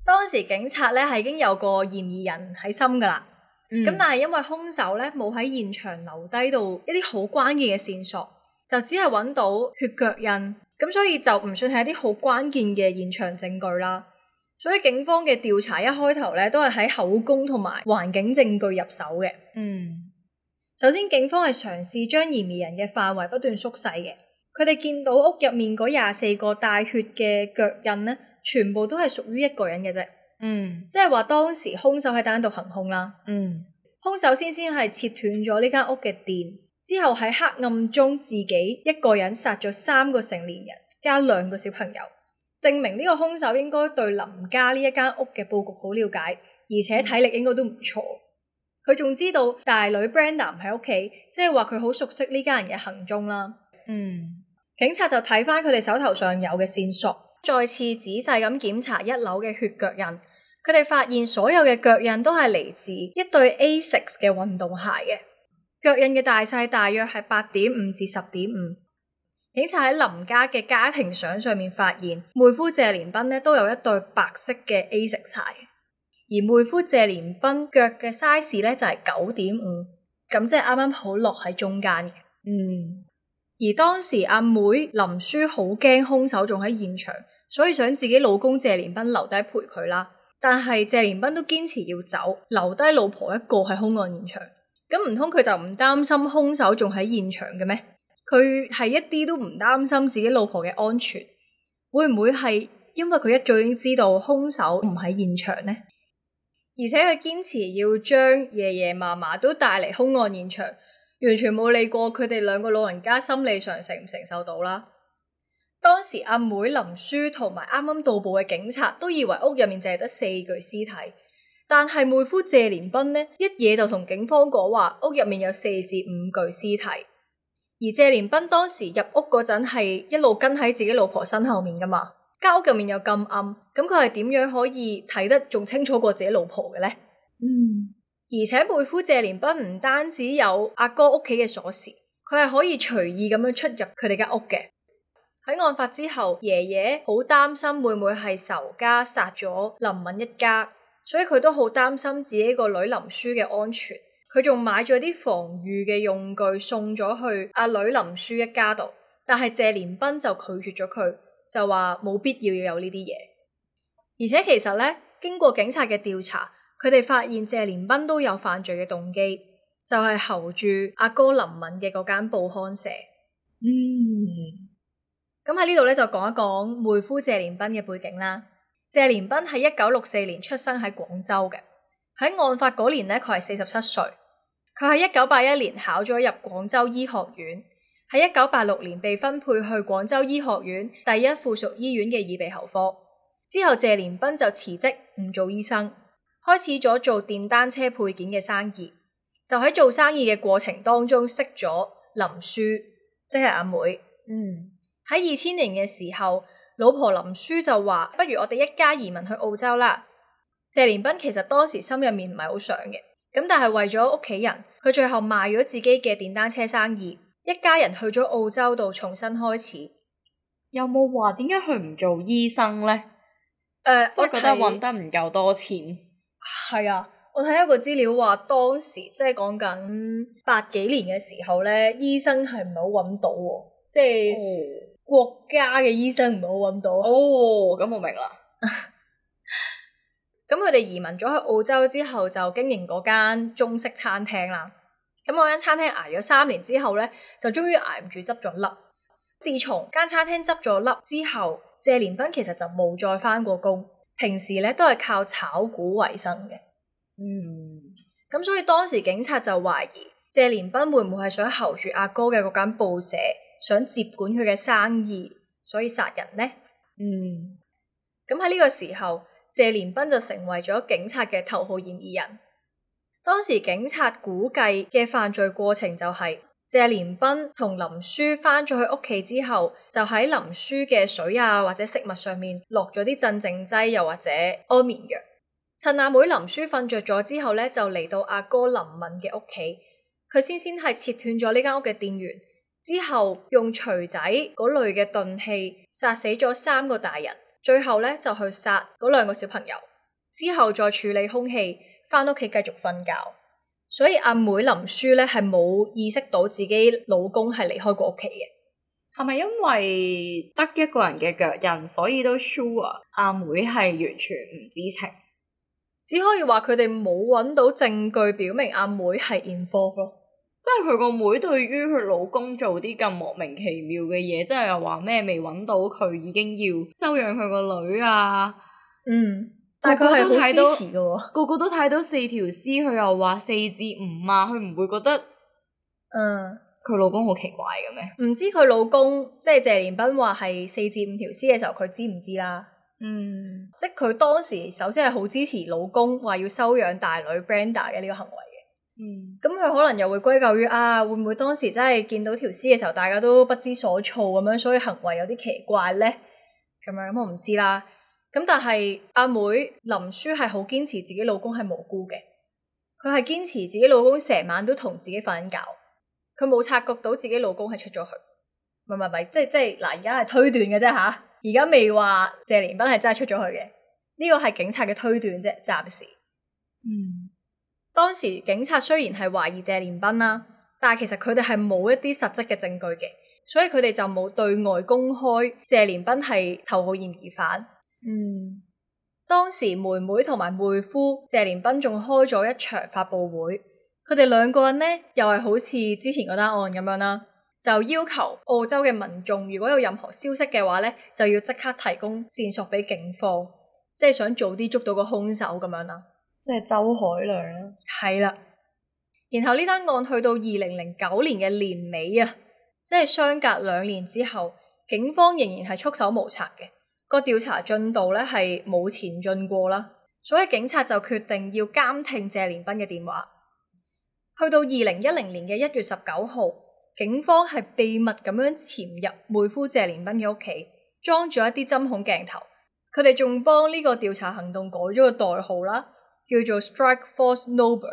當時警察咧係已經有個嫌疑人，喺心噶啦，咁、嗯、但係因為兇手咧冇喺現場留低到一啲好關鍵嘅線索，就只係揾到血腳印，咁所以就唔算係一啲好關鍵嘅現場證據啦。所以警方嘅調查一開頭咧都係喺口供同埋環境證據入手嘅。嗯，首先警方係嘗試將嫌疑人嘅範圍不斷縮細嘅，佢哋見到屋入面嗰廿四個帶血嘅腳印咧。全部都係屬於一個人嘅啫，嗯，即係話當時兇手係單獨行兇啦，嗯，兇手先先係切斷咗呢間屋嘅電，之後喺黑暗中自己一個人殺咗三個成年人加兩個小朋友，證明呢個兇手應該對林家呢一間屋嘅佈局好了解，而且體力應該都唔錯，佢仲、嗯、知道大女 Brenda 喺屋企，即係話佢好熟悉呢家人嘅行蹤啦，嗯，警察就睇翻佢哋手頭上有嘅線索。再次仔細咁檢查一樓嘅血腳印，佢哋發現所有嘅腳印都係嚟自一對 Asics 嘅運動鞋嘅，腳印嘅大細大約係八點五至十點五。警察喺林家嘅家庭相上面發現，妹夫謝連斌呢都有一對白色嘅 Asics 鞋，而妹夫謝連斌腳嘅 size 呢就係九點五，咁即係啱啱好落喺中間嘅，嗯。而當時阿妹林書好驚兇手仲喺現場，所以想自己老公謝連斌留低陪佢啦。但係謝連斌都堅持要走，留低老婆一個喺兇案現場。咁唔通佢就唔擔心兇手仲喺現場嘅咩？佢係一啲都唔擔心自己老婆嘅安全，會唔會係因為佢一早已經知道兇手唔喺現場呢？而且佢堅持要將爺爺嫲嫲都帶嚟兇案現場。完全冇理過佢哋兩個老人家心理上承唔承受到啦。當時阿妹,妹林書同埋啱啱到埗嘅警察都以為屋入面淨係得四具屍體，但係妹夫謝連斌呢一嘢就同警方講話屋入面有四至五具屍體。而謝連斌當時入屋嗰陣係一路跟喺自己老婆身後面噶嘛，間屋入面又咁暗，咁佢係點樣可以睇得仲清楚過自己老婆嘅呢？嗯。而且妹夫謝連斌唔單止有阿哥屋企嘅鎖匙，佢係可以隨意咁樣出入佢哋間屋嘅。喺案發之後，爺爺好擔心會唔會係仇家殺咗林暋一家，所以佢都好擔心自己個女林書嘅安全。佢仲買咗啲防御嘅用具送咗去阿女林書一家度，但係謝連斌就拒絕咗佢，就話冇必要要有呢啲嘢。而且其實呢，經過警察嘅調查。佢哋發現謝連斌都有犯罪嘅動機，就係候住阿哥林暋嘅嗰間報刊社。 *noise* 嗯，咁喺呢度咧就講一講妹夫謝連斌嘅背景啦。謝連斌喺一九六四年出生喺廣州嘅，喺案發嗰年呢，佢係四十七歲。佢喺一九八一年考咗入廣州醫學院，喺一九八六年被分配去廣州醫學院第一附屬醫院嘅耳鼻喉科之後，謝連斌就辭職唔做醫生。開始咗做電單車配件嘅生意，就喺做生意嘅過程當中識咗林書，即係阿妹，妹。嗯，喺二千年嘅時候，老婆林書就話：不如我哋一家移民去澳洲啦。謝連斌其實當時心入面唔係好想嘅，咁但係為咗屋企人，佢最後賣咗自己嘅電單車生意，一家人去咗澳洲度重新開始。有冇話點解佢唔做醫生呢？誒、呃，我覺得揾得唔夠多錢。係啊，我睇一個資料話，當時即係講緊八幾年嘅時候咧，醫生係唔係好揾到，即係國家嘅醫生唔係好揾到。哦，咁我明啦。咁佢哋移民咗去澳洲之後，就經營嗰間中式餐廳啦。咁我間餐廳捱咗三年之後咧，就終於捱唔住執咗笠。自從間餐廳執咗笠之後，謝連斌其實就冇再返過工。平時咧都係靠炒股為生嘅，嗯，咁所以當時警察就懷疑謝連斌會唔會係想睺住阿哥嘅嗰間報社，想接管佢嘅生意，所以殺人呢。嗯，咁喺呢個時候，謝連斌就成為咗警察嘅頭號嫌疑人。當時警察估計嘅犯罪過程就係、是。謝連斌同林書返咗去屋企之後，就喺林書嘅水啊或者食物上面落咗啲鎮靜劑，淨淨，又或者安眠藥。趁阿妹林書瞓着咗之後呢，就嚟到阿哥林暋嘅屋企。佢先先係切斷咗呢間屋嘅電源，之後用錘仔嗰類嘅鈍器殺死咗三個大人，最後呢，就去殺嗰兩個小朋友，之後再處理兇器，返屋企繼續瞓覺。所以阿妹林舒咧，係冇意識到自己老公係離開過屋企嘅。係咪因為得一個人嘅腳印，所以都 sure 阿妹係完全唔知情，只可以話佢哋冇揾到證據表明阿妹係驗貨咯。即係佢個妹對於佢老公做啲咁莫名其妙嘅嘢，即係又話咩未揾到佢已經要收養佢個女啊，嗯。但係好支持個個都睇到，個個都睇到四條屍，佢又話四至五啊，佢唔會覺得，嗯，佢老公好奇怪嘅咩？唔知佢老公即係謝連斌話係四至五條屍嘅時候，佢知唔知啦？嗯，即係佢當時首先係好支持老公話要收養大女 Brenda 嘅呢個行為嘅。嗯，咁佢可能又會歸咎於啊，會唔會當時真係見到條屍嘅時候，大家都不知所措咁樣，所以行為有啲奇怪咧？咁樣咁我唔知啦。咁但係阿妹林舒係好堅持自己老公係無辜嘅，佢係堅持自己老公成晚都同自己瞓緊覺，佢冇察覺到自己老公係出咗去，唔唔唔，即係即係嗱，而家係推斷嘅啫吓，而家未話謝連斌係真係出咗去嘅，呢個係警察嘅推斷啫，暫時。嗯，當時警察雖然係懷疑謝連斌啦，但係其實佢哋係冇一啲實質嘅證據嘅，所以佢哋就冇對外公開謝連斌係頭號嫌疑犯。嗯，當時妹妹同埋妹夫謝連斌仲開咗一場發佈會，佢哋兩個人呢，又係好似之前嗰單案咁樣啦，就要求澳洲嘅民眾如果有任何消息嘅話呢，就要即刻提供線索俾警方，即係想早啲捉到個兇手咁樣啦，即係周海亮啦，啊，係啦。然後呢單案去到二零零九年嘅年尾啊，即係相隔兩年之後，警方仍然係束手無策嘅。個調查進度咧係冇前進過啦，所以警察就決定要監聽謝連斌嘅電話。去到二零一零年嘅一月十九號，警方係秘密咁樣潛入妹夫謝連斌嘅屋企，裝咗一啲針孔鏡頭。佢哋仲幫呢個調查行動改咗個代號啦，叫做 Strike Force Noble。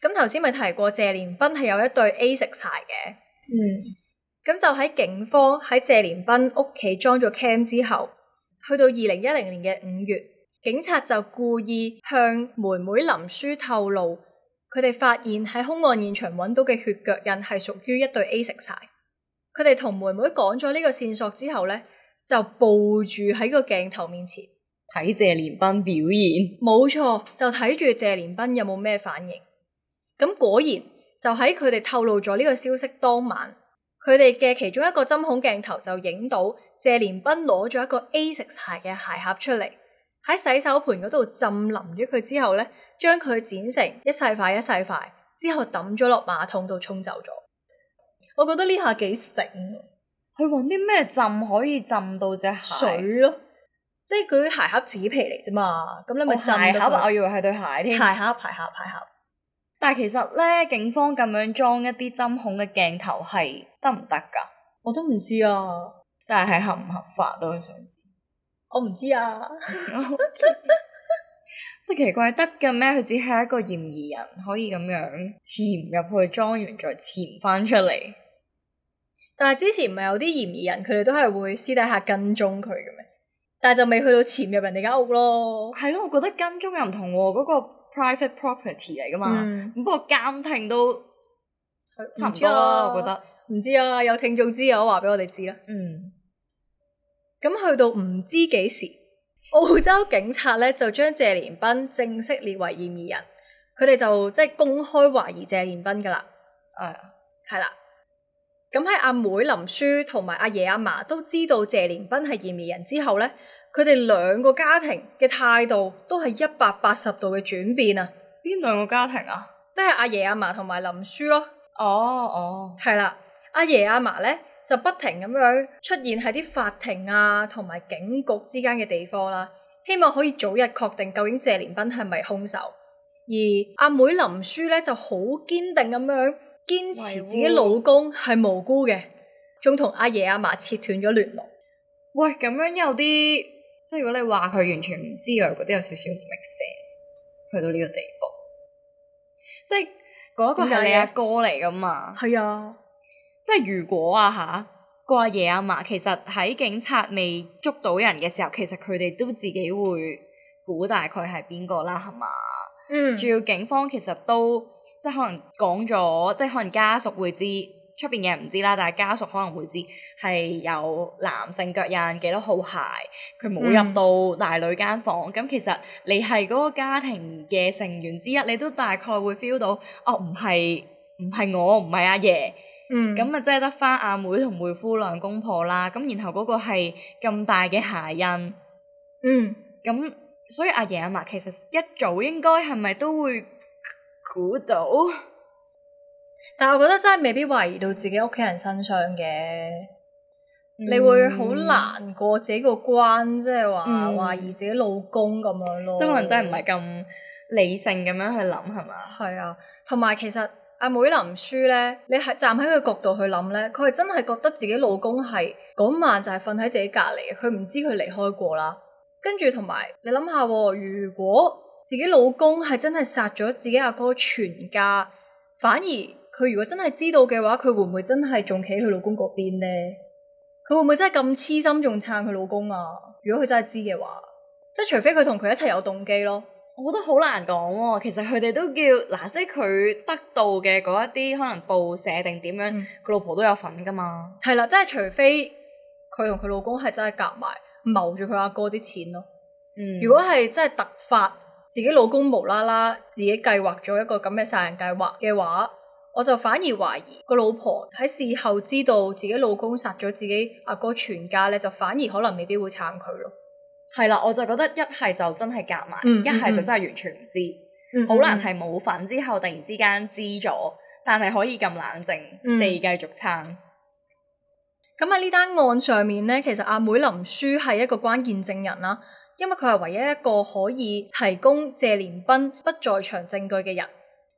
咁頭先咪提過謝連斌係有一對 Asics 鞋嘅。嗯。咁就喺警方喺謝連斌屋企裝咗 cam 之後，去到二零一零年嘅五月，警察，就故意向妹妹林書透露，佢哋發現喺凶案現場揾到嘅血腳印係屬於一對 A 食柴。佢哋同妹妹講咗呢個線索之後呢，就佈住喺個鏡頭面前睇謝連斌表演。冇錯，就睇住謝連斌有冇咩反應。咁果然就喺佢哋透露咗呢個消息當晚。佢哋嘅其中一個針孔鏡頭就影到謝連斌攞咗一個 a s 鞋嘅鞋盒出嚟，喺洗手盤嗰度浸淋咗佢之後咧，將佢剪成一細塊一細塊，之後抌咗落馬桶度沖走咗。我覺得呢下幾醒，佢揾啲咩浸可以浸到隻鞋水咯，即係佢鞋盒紙皮嚟啫嘛。咁你咪浸咗。鞋盒，我，鞋盒我以為係對鞋添。鞋盒，鞋盒，鞋盒。但係其實咧，警方咁樣裝一啲針孔嘅鏡頭係。得唔得噶？我都唔知，知啊，但係合唔合法咯，佢想知。我唔知啊，即係奇怪得嘅咩？佢只係一個嫌疑人，可以咁樣潛入去莊園再潛翻出嚟。但係之前唔係有啲嫌疑人，佢哋都係會私底下跟蹤佢嘅咩？但係就未去到潛入人哋間屋咯。係咯、 *laughs* 啊，我覺得跟蹤又唔同喎、啊，嗰、那個 private property 嚟噶嘛。嗯、不過監聽都差唔多啦，啊、我覺得。唔知啊，有聽眾知啊，我話俾我哋知啦。嗯，咁去到唔知幾時，澳洲警察咧就將謝連斌正式列為嫌疑人，佢哋就即係公開懷疑謝連斌噶啦。係啊、哎呀，係啦。咁喺阿妹林書同埋阿爺阿嫲都知道謝連斌係嫌疑人之後咧，佢哋兩個家庭嘅態度都係一百八十度嘅轉變啊。邊兩個家庭啊？即係阿爺阿嫲同埋林書咯。哦哦，係啦。阿爺阿嫲咧就不停咁樣出現喺啲法庭啊同埋警局之間嘅地方啦，希望可以早日確定究竟謝連斌係咪兇手。而阿妹林舒咧就好堅定咁樣堅持自己老公係無辜嘅，仲同阿爺阿嫲切斷咗聯絡。喂，咁樣有啲即係如果你話佢完全唔知，又覺得有少少唔 make sense 去到呢個地步，即係是嗰個係你阿、啊、哥嚟噶嘛？係啊。即係如果啊嚇，個、啊、阿爺阿嫲、啊、其實喺警察未捉到人嘅時候，其實佢哋都自己會估大概係邊個啦，係嘛？嗯，仲要警方其實都即係可能講咗，即係可能家屬會知出面嘅人唔知啦，但係家屬可能會知係有男性腳印幾多號鞋，佢冇入到大女間房。咁、嗯、其實你係嗰個家庭嘅成員之一，你都大概會 feel 到哦，唔係唔係我，唔係阿爺。嗯，咁啊，即係得翻阿妹同妹，妹夫兩公婆啦，咁然後嗰個係咁大嘅鞋印，嗯，咁所以阿爺阿嫲，其實一早應該係咪都會估到？但係我覺得真係未必懷疑到自己屋企人身上嘅，嗯、你會好難過自己個關，即係話懷疑自己老公咁樣咯，即可能真係唔係咁理性咁樣去諗，係嘛？係啊，同埋其實。阿妹林舒咧，你喺站喺佢角度去諗咧，佢係真係覺得自己老公係嗰晚就係瞓喺自己隔籬，佢唔知佢離開過啦。跟住同埋你諗下，如果自己老公係真係殺咗自己阿哥全家，反而佢如果真係知道嘅話，佢會唔會真係仲企喺佢老公嗰邊咧？佢會唔會真係咁痴心仲撐佢老公啊？如果佢真係知嘅話，即係除非佢同佢一齊有動機咯。我覺得好難講喎、哦，其實佢哋都叫嗱、啊，即係佢得到嘅嗰一啲可能報社定點樣，佢、嗯、老婆都有份噶嘛。係啦，即係除非佢同佢老公係真係夾埋謀住佢阿哥啲錢咯。嗯、如果係真係突發，自己老公無啦啦自己計劃咗一個咁嘅殺人計劃嘅話，我就反而懷疑個老婆喺事後知道自己老公殺咗自己阿哥、哥全家咧，就反而可能未必會撐佢咯。係啦，我就覺得一係就真係夾埋，一係、嗯嗯嗯、就真係完全唔知，好、嗯嗯、難係冇份之後突然之間知咗，但係可以咁冷靜地繼續撐。咁喺呢單案上面咧，其實阿妹林書係一個關鍵證人啦，因為佢係唯一一個可以提供謝連斌不在場證據嘅人。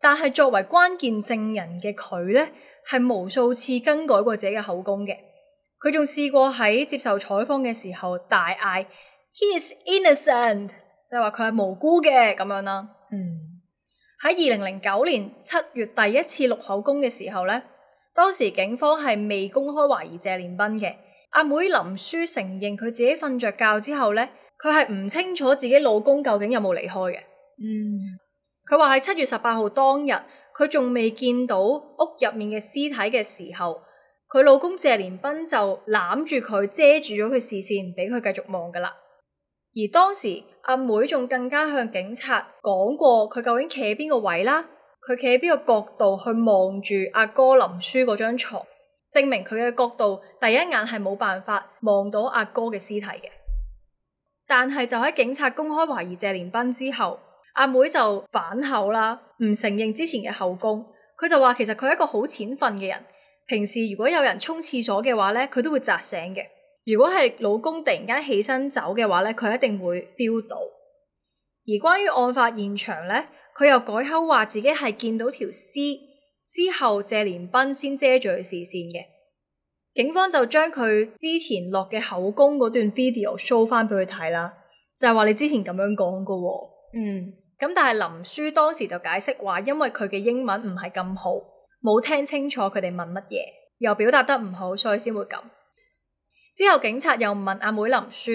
但係作為關鍵證人嘅佢咧，係無數次更改過自己嘅口供嘅，佢仲試過喺接受採訪嘅時候大嗌。He is innocent，就話佢係無辜嘅咁樣啦。嗯，喺二零零九年七月第一次錄口供嘅時候咧，當時警方係未公開懷疑謝連斌嘅。阿妹林舒承認佢自己瞓着覺之後咧，佢係唔清楚自己老公究竟有冇離開嘅。嗯，佢話喺七月十八號當日，佢仲未見到屋入面嘅屍體嘅時候，佢老公謝連斌就攬住佢遮住咗佢視線，唔俾佢繼續望噶啦。而當時阿妹仲更加向警察講過，佢究竟企喺邊個位啦，佢企喺邊個角度去望住阿哥林暋嗰張床，證明佢嘅角度第一眼係冇辦法望到阿哥嘅屍體嘅。但係就喺警察公開懷疑謝連斌之後，阿妹就反口啦，唔承認之前嘅口供。佢就話其實佢係一個好淺瞓嘅人，平時如果有人沖廁所嘅話呢，佢都會扎醒嘅。如果係老公突然間起身走嘅話咧，佢一定會 feel 到。而關於案發現場咧，佢又改口話自己係見到條屍之後，謝連斌先遮住佢視線嘅。警方就將佢之前落嘅口供嗰段 video show 翻俾佢睇啦，就係話你之前咁樣講過。嗯，咁但係林書當時就解釋話，因為佢嘅英文唔係咁好，冇聽清楚佢哋問乜嘢，又表達得唔好，所以先會咁。之後警察又問阿妹林舒：，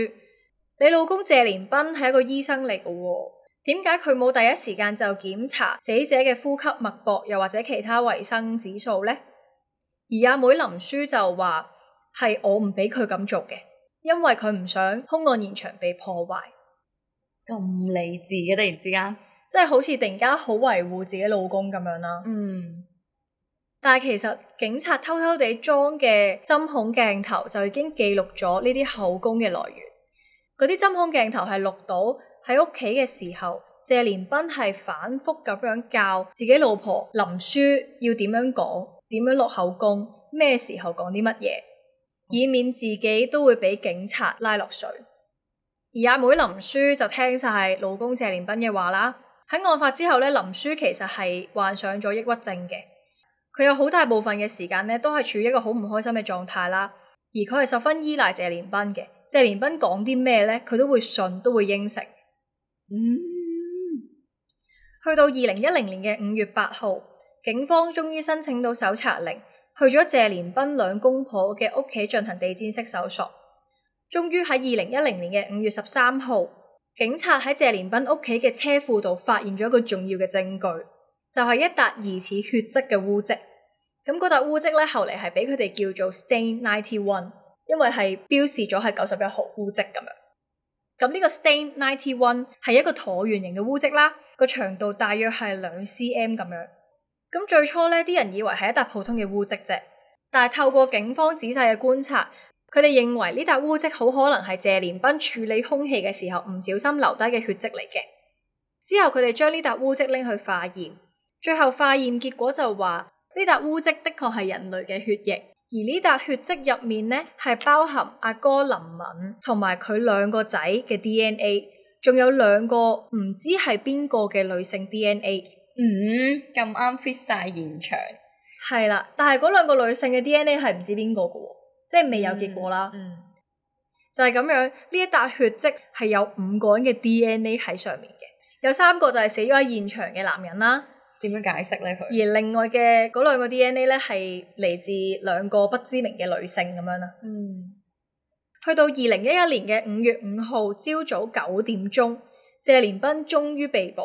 你老公謝連斌係一個醫生嚟嘅，點解佢冇第一時間就檢查死者嘅呼吸脈搏又或者其他維生指數呢？」而阿妹林舒就話：，係我唔俾佢咁做嘅，因為佢唔想凶案現場被破壞。咁理智嘅，突然之間，即係好似突然間好維護自己老公咁樣啦。嗯。但係其實警察偷偷地裝嘅針孔鏡頭就已經記錄咗呢啲口供嘅來源。嗰啲針孔鏡頭係錄到喺屋企嘅時候，謝連斌係反復咁樣教自己老婆林舒要點樣講、點樣錄口供、咩時候講啲乜嘢，以免自己都會俾警察拉落水。而阿妹林舒就聽晒老公謝連斌嘅話啦。喺案發之後咧，林舒其實係患上咗抑鬱症嘅。佢有好大部分嘅時間咧，都係處於一個好唔開心嘅狀態啦，而佢係十分依賴謝連斌嘅，謝連斌講啲咩咧，佢都會信，都會應承。嗯，去到二零一零年嘅五月八號，警方終於申請到搜查令，去咗謝連斌兩公婆嘅屋企進行地毯式搜索。終於喺二零一零年嘅五月十三號，警察喺謝連斌屋企嘅車庫度發現咗一個重要嘅證據。就係一笪疑似血質嘅污漬，咁嗰笪污漬咧，後嚟係俾佢哋叫做 Stain ninety one，因為係標示咗係九十一號污漬咁樣。咁呢個 Stain ninety one 係一個橢圓形嘅污漬啦，個長度大約係兩 cm 咁樣。咁最初呢啲人以為係一笪普通嘅污漬啫，但係透過警方仔細嘅觀察，佢哋認為呢笪污漬好可能係謝連斌處理空器嘅時候唔小心留低嘅血迹嚟嘅。之後佢哋將呢笪污漬拎去化驗。最後化驗結果就話呢笪污漬的確係人類嘅血液，而跡呢笪血跡入面咧係包含阿哥林敏同埋佢兩個仔嘅 DNA，仲有兩個唔知係邊個嘅女性 DNA。嗯，咁啱 fit 晒現場係啦，但係嗰兩個女性嘅 DNA 係唔知邊個嘅，即係未有結果啦。嗯，就係咁樣呢一笪血跡係有五個人嘅 DNA 喺上面嘅，有三個就係死咗喺現場嘅男人啦。點樣解釋咧？佢而另外嘅嗰兩個 DNA 咧，係嚟自兩個不知名嘅女性咁樣啦。嗯，去到二零一一年嘅五月五號朝早九點鐘，謝連斌終於被捕。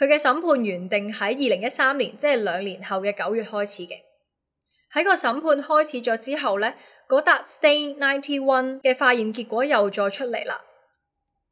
佢嘅審判原定喺二零一三年，即係兩年後嘅九月開始嘅。喺個審判開始咗之後咧，嗰笪 Stain Ninety One 嘅化驗結果又再出嚟啦。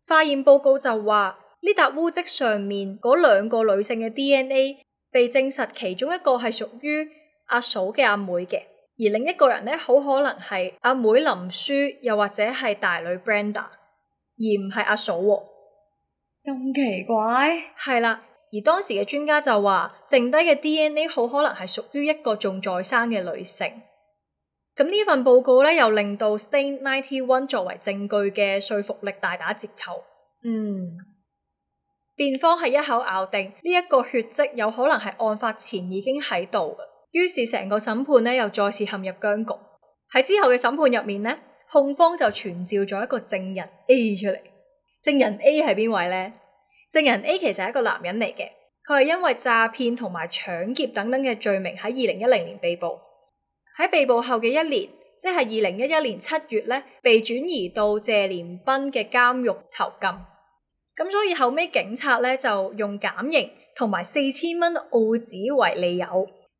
化驗報告就話。呢笪污漬上面嗰兩個女性嘅 DNA 被證實，其中一個係屬於阿嫂嘅阿妹嘅，而另一個人呢，好可能係阿妹林舒，又或者係大女 Brenda，而唔係阿嫂。咁奇怪係啦，而當時嘅專家就話，剩低嘅 DNA 好可能係屬於一個仲在生嘅女性。咁呢份報告呢，又令到 Stay Ninety One 作為證據嘅說服力大打折扣。嗯。辯方係一口咬定呢一個血跡有可能係案發前已經喺度，於是成個審判呢又再次陷入僵局。喺之後嘅審判入面呢，控方就傳召咗一個證人 A 出嚟。證人 A 係邊位呢？證人 A 其實係一個男人嚟嘅，佢係因為詐騙同埋搶劫等等嘅罪名喺二零一零年被捕。喺被捕後嘅一年，即係二零一一年七月呢，被轉移到謝連斌嘅監獄囚禁。咁所以後尾警察咧就用減刑同埋四千蚊澳紙為理由，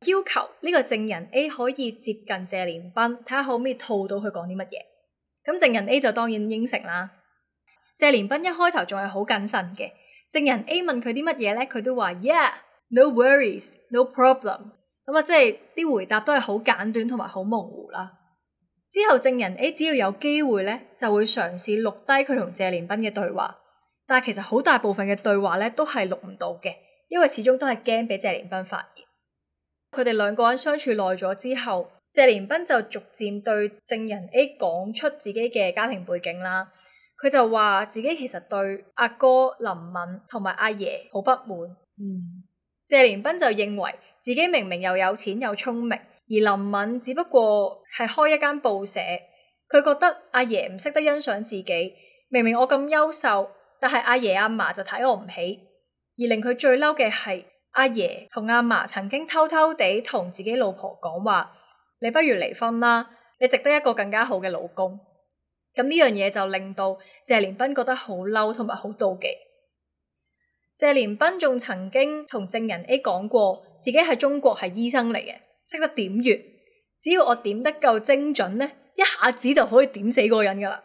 要求呢個證人 A 可以接近謝連斌，睇下可唔可以套到佢講啲乜嘢。咁證人 A 就當然應承啦。謝連斌一開頭仲係好謹慎嘅，證人 A 問佢啲乜嘢咧，佢都話 Yeah, no worries, no problem。咁啊，即係啲回答都係好簡短同埋好模糊啦。之後證人 A 只要有機會咧，就會嘗試錄低佢同謝連斌嘅對話。但係其實好大部分嘅對話咧都係錄唔到嘅，因為始終都係驚俾謝連斌發現。佢哋兩個人相處耐咗之後，謝連斌就逐漸對證人 A 講出自己嘅家庭背景啦。佢就話自己其實對阿哥林暋同埋阿爺好不滿。嗯，謝連斌就認為自己明明又有錢又聰明，而林暋只不過係開一間報社。佢覺得阿爺唔識得欣賞自己，明明我咁優秀。但係阿爺阿嫲就睇我唔起，而令佢最嬲嘅係阿爺同阿嫲曾經偷偷地同自己老婆講話：你不如離婚啦，你值得一個更加好嘅老公。咁呢樣嘢就令到謝連斌覺得好嬲同埋好妒忌。謝連斌仲曾經同證人 A 講過，自己喺中國係醫生嚟嘅，識得點穴，只要我點得夠精準呢，一下子就可以點死個人噶啦。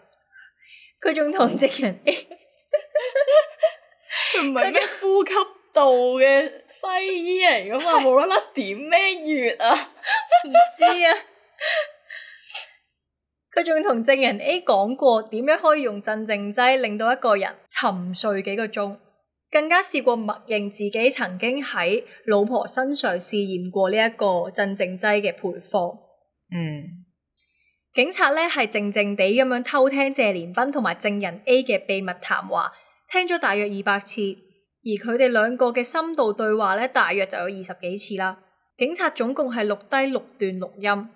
佢仲同證人 A。佢唔係咩呼吸道嘅西醫嚟噶嘛？冇啦啦點咩穴啊？唔 *laughs* 知啊！佢仲同證人 A 講過點樣可以用鎮靜劑令到一個人沉睡幾個鐘，更加試過默認自己曾經喺老婆身上試驗過呢一個鎮靜劑嘅配方。嗯，警察呢係靜靜地咁樣偷聽謝連斌同埋證人 A 嘅秘密談話。聽咗大約二百次，而佢哋兩個嘅深度對話呢，大約就有二十幾次啦。警察總共係錄低六段錄音，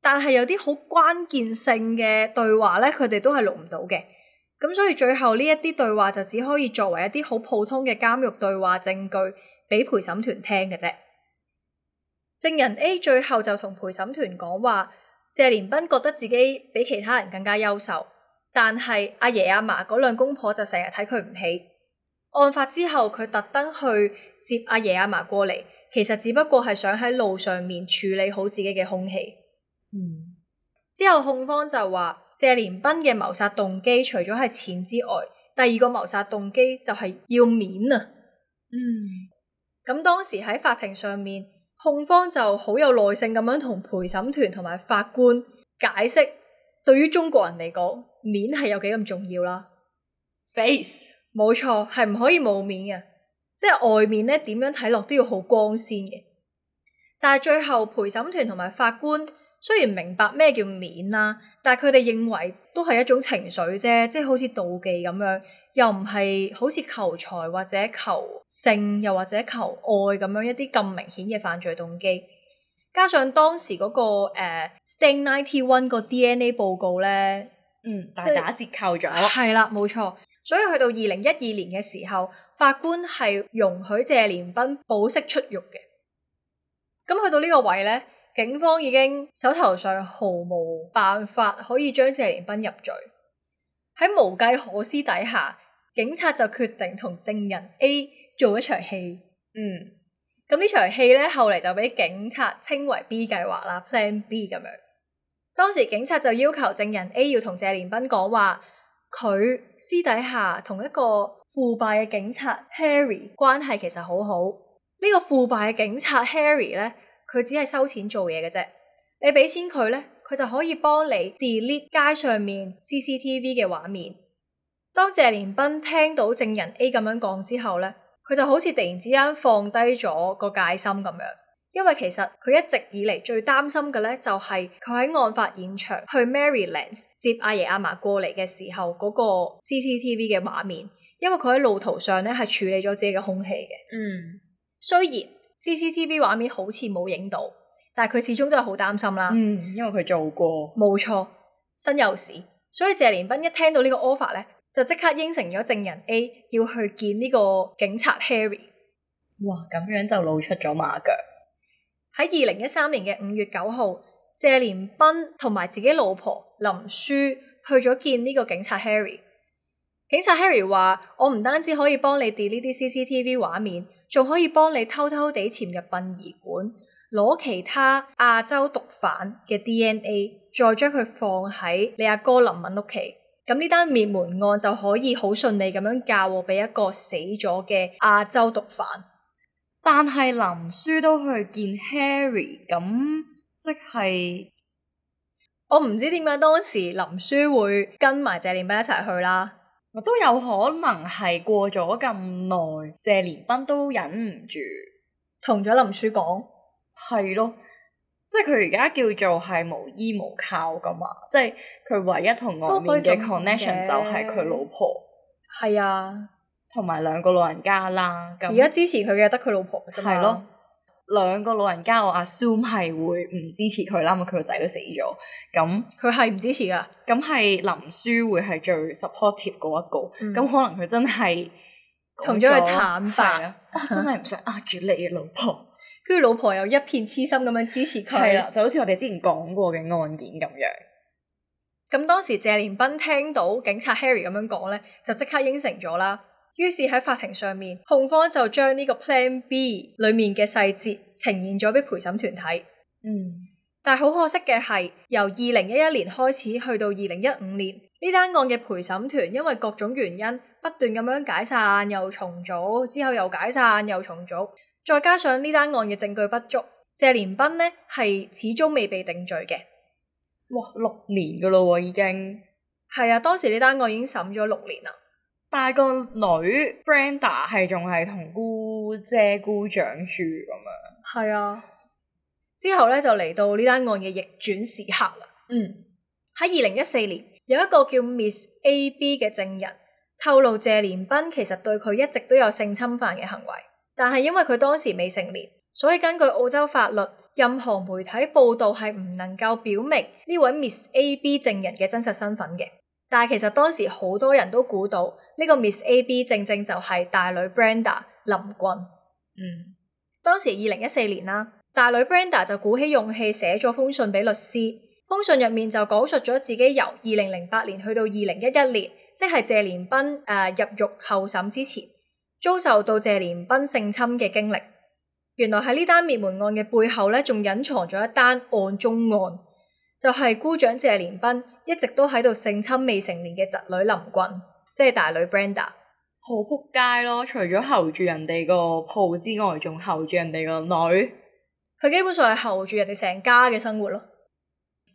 但係有啲好關鍵性嘅對話呢，佢哋都係錄唔到嘅。咁所以最後呢一啲對話就只可以作為一啲好普通嘅監獄對話證據畀陪審團聽嘅啫。證人 A 最後就同陪審團講話：謝連斌覺得自己比其他人更加優秀。但係阿爺阿嫲嗰兩公婆就成日睇佢唔起。案發之後，佢特登去接阿爺阿嫲過嚟，其實只不過係想喺路上面處理好自己嘅空氣。嗯。之後控方就話謝連斌嘅謀殺動機除咗係錢之外，第二個謀殺動機就係要面啊。嗯。咁當時喺法庭上面，控方就好有耐性咁樣同陪審團同埋法官解釋，對於中國人嚟講，面係有幾咁重要啦？Face 冇錯，係唔可以冇面嘅，即係外面咧點樣睇落都要好光鮮嘅。但係最後陪審團同埋法官雖然明白咩叫面啦，但係佢哋認為都係一種情緒啫，即係好似妒忌咁樣，又唔係好似求財或者求性又或者求愛咁樣一啲咁明顯嘅犯罪動機。加上當時嗰、那個誒、uh, Stain ninety one 個 DNA 報告咧。嗯，大打折扣咗，係啦，就是，冇錯。所以去到二零一二年嘅時候，法官係容許謝連斌保釋出獄嘅。咁去到呢個位咧，警方已經手頭上毫無辦法可以將謝連斌入罪。喺無計可施底下，警察，就決定同證人 A 做一場戲。嗯，咁呢場戲咧，後嚟就俾警察稱為 B 計劃啦，Plan B 咁樣。當時警察就要求證人 A 要同謝連斌講話，佢私底下同一個腐敗嘅警察 Harry 關係其實好好。呢個腐敗嘅警察 Harry 呢，佢只係收錢做嘢嘅啫。你俾錢佢呢，佢就可以幫你 delete 街上面 CCTV 畫面 CCTV 嘅畫面。當謝連斌聽到證人 A 咁樣講之後呢，佢就好似突然之間放低咗個戒心咁樣。因為其實佢一直以嚟最擔心嘅咧，就係佢喺案發現場去 Merrylands 接阿爺阿嫲過嚟嘅時候嗰個 CCTV 嘅畫面。因為佢喺路途上咧係處理咗自己嘅空氣嘅。嗯，雖然 CCTV 畫面好似冇影到，但係佢始終都係好擔心啦。嗯，因為佢做過冇錯，身有屎。所以謝連斌一聽到呢個 offer 咧，就即刻應承咗證人 A 要去見呢個警察 Harry。哇，咁樣就露出咗馬腳。喺二零一三年嘅五月九號，謝連斌同埋自己老婆林舒去咗見呢個警察 Harry。警察 Harry 話：我唔單止可以幫你 delete 呢啲 CCTV 畫面，仲可以幫你偷偷地潛入殯儀館，攞其他亞洲毒販嘅 DNA，再將佢放喺你阿哥，哥林暋屋企。咁呢單滅門案就可以好順利咁樣嫁禍俾一個死咗嘅亞洲毒販。但係林書都去見 Harry，咁即係我唔知點解當時林書會跟埋謝連斌一齊去啦。我都有可能係過咗咁耐，謝連斌都忍唔住同咗林書講，係咯，即係佢而家叫做係無依無靠噶嘛，即係佢唯一同外面嘅 connection 就係佢老婆，係啊。同埋兩個老人家啦，而家支持佢嘅得佢老婆啫嘛。的兩個老人家我 assume 係會唔支持佢啦，因為佢個仔都死咗。咁佢係唔支持噶，咁係林書會係最 supportive 嗰一個。咁、嗯、可能佢真係同咗佢坦白。哇是，真係唔想啊！ *laughs* 想壓住你嘅老婆，跟住 *laughs* 老婆又一片痴心咁樣支持佢。係啦，就好似我哋之前講過嘅案件咁樣。咁 *laughs* 當時謝連斌聽到警察 Harry 咁樣講咧，就即刻應承咗啦。於是喺法庭上面，控方就將呢個 Plan B 裏面嘅細節呈現咗俾陪審團睇。嗯，但係好可惜嘅係，由二零一一年開始去到二零一五年，呢單案嘅陪審團因為各種原因不斷咁樣解散又重組，之後又解散又重組，再加上呢單案嘅證據不足，謝連斌呢係始終未被定罪嘅。哇，六年噶咯喎，已經係啊，當時呢單案已經審咗六年啦。但係大個女，Brenda 係仲係同姑姐姑丈住咁樣。係啊，之後咧，就嚟到呢單案嘅逆轉時刻啦。嗯，喺二零一四年，有一個叫 Miss A B 嘅證人透露謝連斌其實對佢一直都有性侵犯嘅行為，但係因為佢當時未成年，所以根據澳洲法律，任何媒體報道係唔能夠表明呢位 Miss A B 證人嘅真實身份嘅。但係其實當時好多人都估到呢，這個 Miss A B 正正就係大女 Branda，er, 林珺。嗯，當時二零一四年啦，大女 Branda、er，就鼓起勇氣寫咗封信俾律師，封信入面就講述咗自己由二零零八年去到二零一一年，即係謝連斌誒，呃、入獄候審之前，遭受到謝連斌性侵嘅經歷。原來喺呢單滅門案嘅背後呢，仲隱藏咗一單案中案，就係、是，姑丈謝連斌。一直都喺度性侵未成年嘅侄女林珺，即係大女 Brenda，好撲街咯！除咗吼住人哋個鋪之外，仲吼住人哋個女，佢基本上係吼住人哋成家嘅生活咯。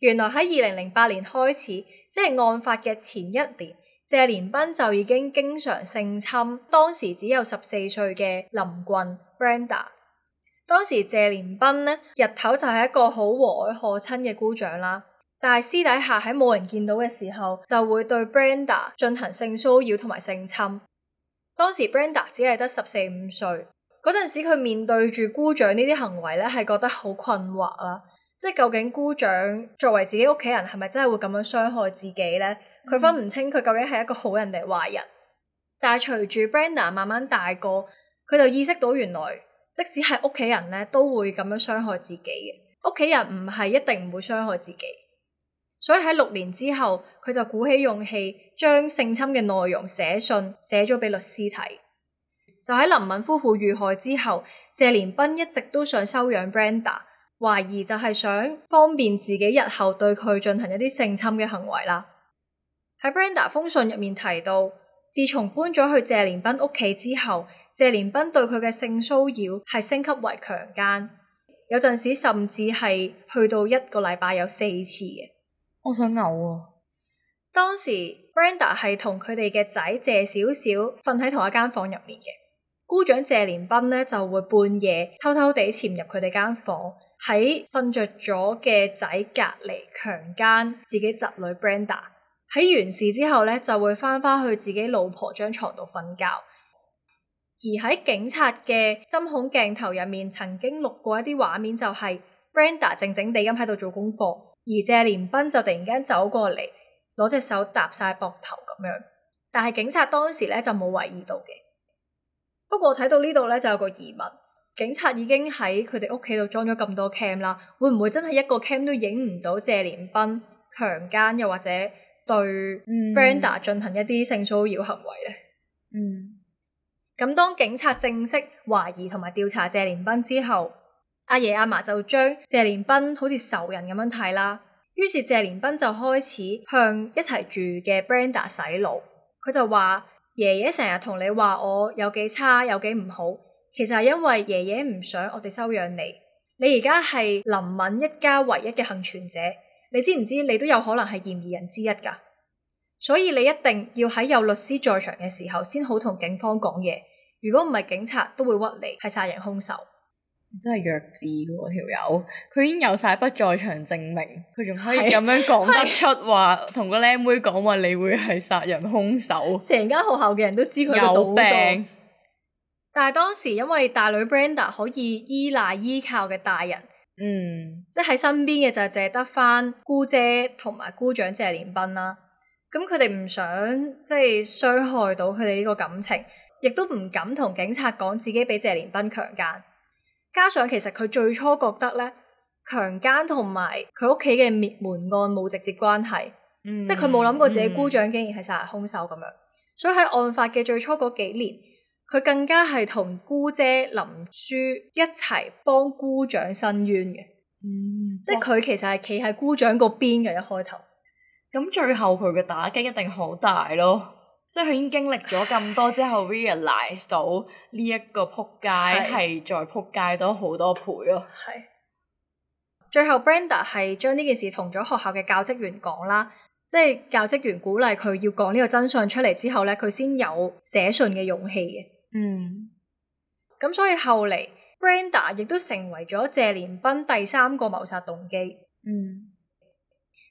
原來喺二零零八年開始，即係案發嘅前一年，謝連斌就已經經常性侵當時只有十四歲嘅林珺 Brenda。 *laughs* 當時謝連斌呢，日頭就係一個好和藹可親嘅姑丈啦。但係私底下喺冇人見到嘅時候，就會對 Brenda 進行性騷擾同埋性侵。當時 Brenda 只係得十四五歲，嗰陣時佢面對住姑丈呢啲行為咧，係覺得好困惑啦。即係究竟姑丈作為自己屋企人，係咪真係會咁樣傷害自己咧？佢分唔清佢究竟係一個好人定壞人。但係隨住 Brenda 慢慢大個，佢就意識到原來即使係屋企人咧，都會咁樣傷害自己嘅。屋企人唔係一定唔會傷害自己。所以喺六年之後，佢就鼓起勇氣將性侵嘅內容寫信寫咗俾律師睇。就喺林暋夫婦遇害之後，謝連斌一直都想收養 Brenda，懷疑就係想方便自己日後對佢進行一啲性侵嘅行為啦。喺 Brenda 封信入面提到，自從搬咗去謝連斌屋企之後，謝連斌對佢嘅性騷擾係升級為強姦，有陣時甚至係去到一個禮拜有四次嘅。我想嘔啊！當時 Brenda 係同佢哋嘅仔謝少少瞓喺同一間房入面嘅，姑丈謝連斌呢就會半夜偷偷地潛入佢哋間房，喺瞓着咗嘅仔隔籬強姦自己侄女 Brenda。喺完事之後呢，就會翻返去自己老婆張床度瞓覺。而喺警察嘅針孔鏡頭入面，曾經錄過一啲畫面，就係 Brenda 靜靜地咁喺度做功課。而謝連斌就突然間走過嚟，攞隻手搭晒膊頭咁樣，但係警察當時咧就冇懷疑到嘅。不過睇到呢度咧就有個疑問，警察已經喺佢哋屋企度裝咗咁多 cam 啦，會唔會真係一個 cam 都影唔到謝連斌強姦又或者對 Brenda 進行一啲性騷擾行為咧？嗯，咁，嗯，當警察正式懷疑同埋調查謝連斌之後。阿爺阿嫲就將謝連斌好似仇人咁樣睇啦，於是謝連斌就開始向一齊住嘅 Brenda 洗腦。佢就話：爺爺成日同你話我有幾差有幾唔好，其實係因為爺爺唔想我哋收養你。你而家係林暋一家唯一嘅幸存者，你知唔知你都有可能係嫌疑人之一噶？所以你一定要喺有律師在場嘅時候先好同警方講嘢。如果唔係，警察都會屈你係殺人兇手。真係弱智噶條友，佢、這個、已經有晒不在場證明，佢仲可以咁樣講得出話，同個僆妹講話你會係殺人兇手，成間學校嘅人都知佢有病。但係當時因為大女 Brenda 可以依賴依靠嘅大人，嗯，即係喺身邊嘅就係淨係得翻姑姐同埋姑丈謝連斌啦。咁佢哋唔想即係傷害到佢哋呢個感情，亦都唔敢同警察講自己俾謝連斌強姦。加上其實佢最初覺得咧強姦同埋佢屋企嘅滅門案冇直接關係，嗯、即係佢冇諗過自己姑丈竟然係殺人凶手咁樣，嗯、所以喺案發嘅最初嗰幾年，佢更加係同姑姐林珠一齊幫姑丈申冤嘅，嗯、即係佢其實係企喺姑丈個邊嘅一開頭，咁哇最後佢嘅打擊一定好大咯。即係佢已經經歷咗咁多之後，realise *laughs* 到呢一個撲街係再撲街多好多倍咯、啊。係。最後 Brenda 係將呢件事同咗學校嘅教職員講啦。即係教職員鼓勵佢要講呢個真相出嚟之後咧，佢先有寫信嘅勇氣嘅。嗯。咁所以後嚟 Brenda 亦都成為咗謝連斌第三個謀殺動機。嗯。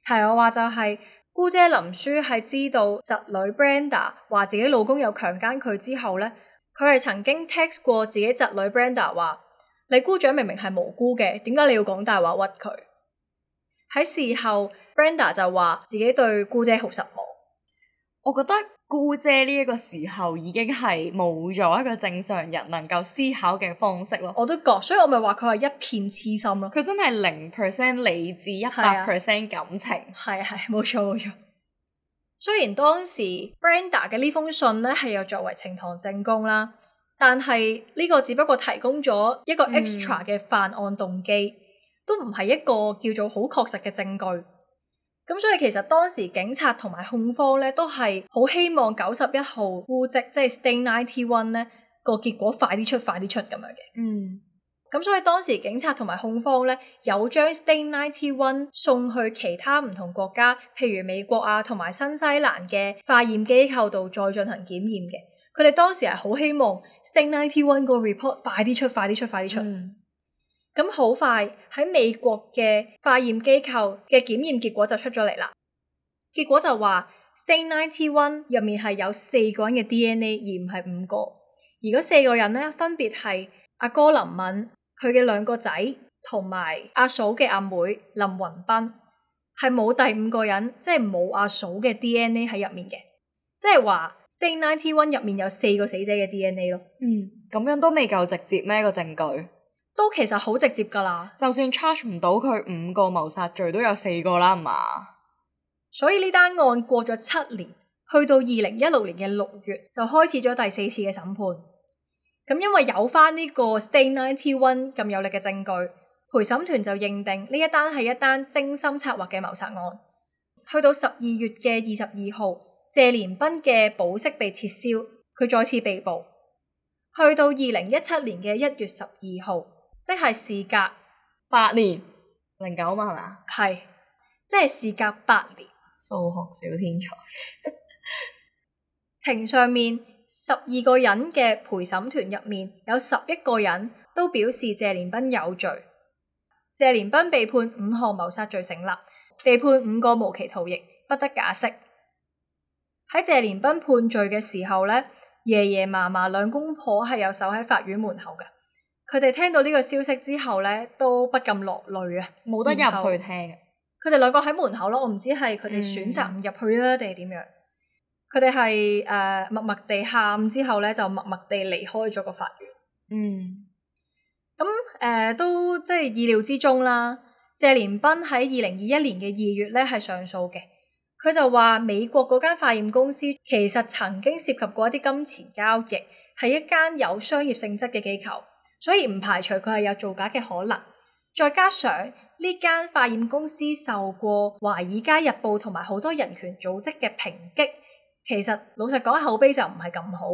係我話就係、是。姑姐林舒係知道侄女 Brenda 話自己老公有強姦佢之後呢，佢係曾經 text 過自己侄女 Brenda 話：你姑丈明明係無辜嘅，點解你要講大話屈佢？喺事後，Brenda 就話自己對姑姐好失望，我覺得。姑姐呢一個時候已經係冇咗一個正常人能夠思考嘅方式咯，我都覺，所以我咪話佢係一片痴心咯，佢真係零 percent 理智，一百 percent 感情，係係冇錯冇錯。啊啊、雖然當時 Brenda 嘅呢封信呢係有作為呈堂證供啦，但係呢個只不過提供咗一個 extra 嘅犯案動機，嗯、都唔係一個叫做好確實嘅證據。咁所以其實當時警察同埋控方咧都係好希望九十一號污漬，即係 Stain 91咧個結果快啲出，快啲出咁樣嘅。嗯，咁所以當時警察同埋控方咧有將 Stain 91送去其他唔同國家，譬如美國啊同埋新西蘭嘅化驗機構度再進行檢驗嘅。佢哋當時係好希望 Stain 91個 report 快啲出，快啲出，快啲出。嗯咁好快喺美國嘅化驗機構嘅檢驗結果就出咗嚟啦，結果就話，911入面係有四個人嘅 DNA，而唔係五個。而嗰四個人咧，分別係阿哥林暋，佢嘅兩個仔，同埋阿嫂嘅阿妹林云斌，係冇第五個人，即係冇阿嫂嘅 DNA 喺入面嘅。即係話911入面有四個死者嘅 DNA 咯。嗯，咁樣都未夠直接咩？一個證據？都其實好直接噶啦，就算 charge 唔到佢五個謀殺罪，都有四個啦，嘛？所以呢單案過咗七年，去到二零一六年嘅六月就開始咗第四次嘅審判。咁、嗯、因為有翻呢個 Stay Ninety One 咁有力嘅證據，陪審團就認定呢一單係一單精心策劃嘅謀殺案。去到十二月嘅二十二號，謝連斌嘅保釋被撤銷，佢再次被捕。去到二零一七年嘅一月十二號。即係事隔八年零九嘛，係咪啊？係，即係事隔八年。數學小天才 *laughs* 庭上面十二個人嘅陪審團入面，有十一個人都表示謝連斌有罪。謝連斌被判五項謀殺罪成立，被判五個無期徒刑，不得假釋。喺謝連斌判罪嘅時候呢，爺爺嫲嫲兩公婆係有守喺法院門口㗎。佢哋聽到呢個消息之後咧，都不禁落淚啊！冇得入去聽。佢哋後兩個喺門口咯，我唔知係佢哋選擇唔入去啊，定係點樣？佢哋係誒默默地喊之後咧，就默默地離開咗個法院。嗯，咁誒、嗯呃、都即係意料之中啦。謝連斌喺二零二一年嘅二月咧係上訴嘅，佢就話美國嗰間化驗公司其實曾經涉及過一啲金錢交易，係一間有商業性質嘅機構。所以唔排除佢係有造假嘅可能，再加上呢間化驗公司受過《華爾街日報》同埋好多人權組織嘅抨擊，其實老實講口碑就唔係咁好。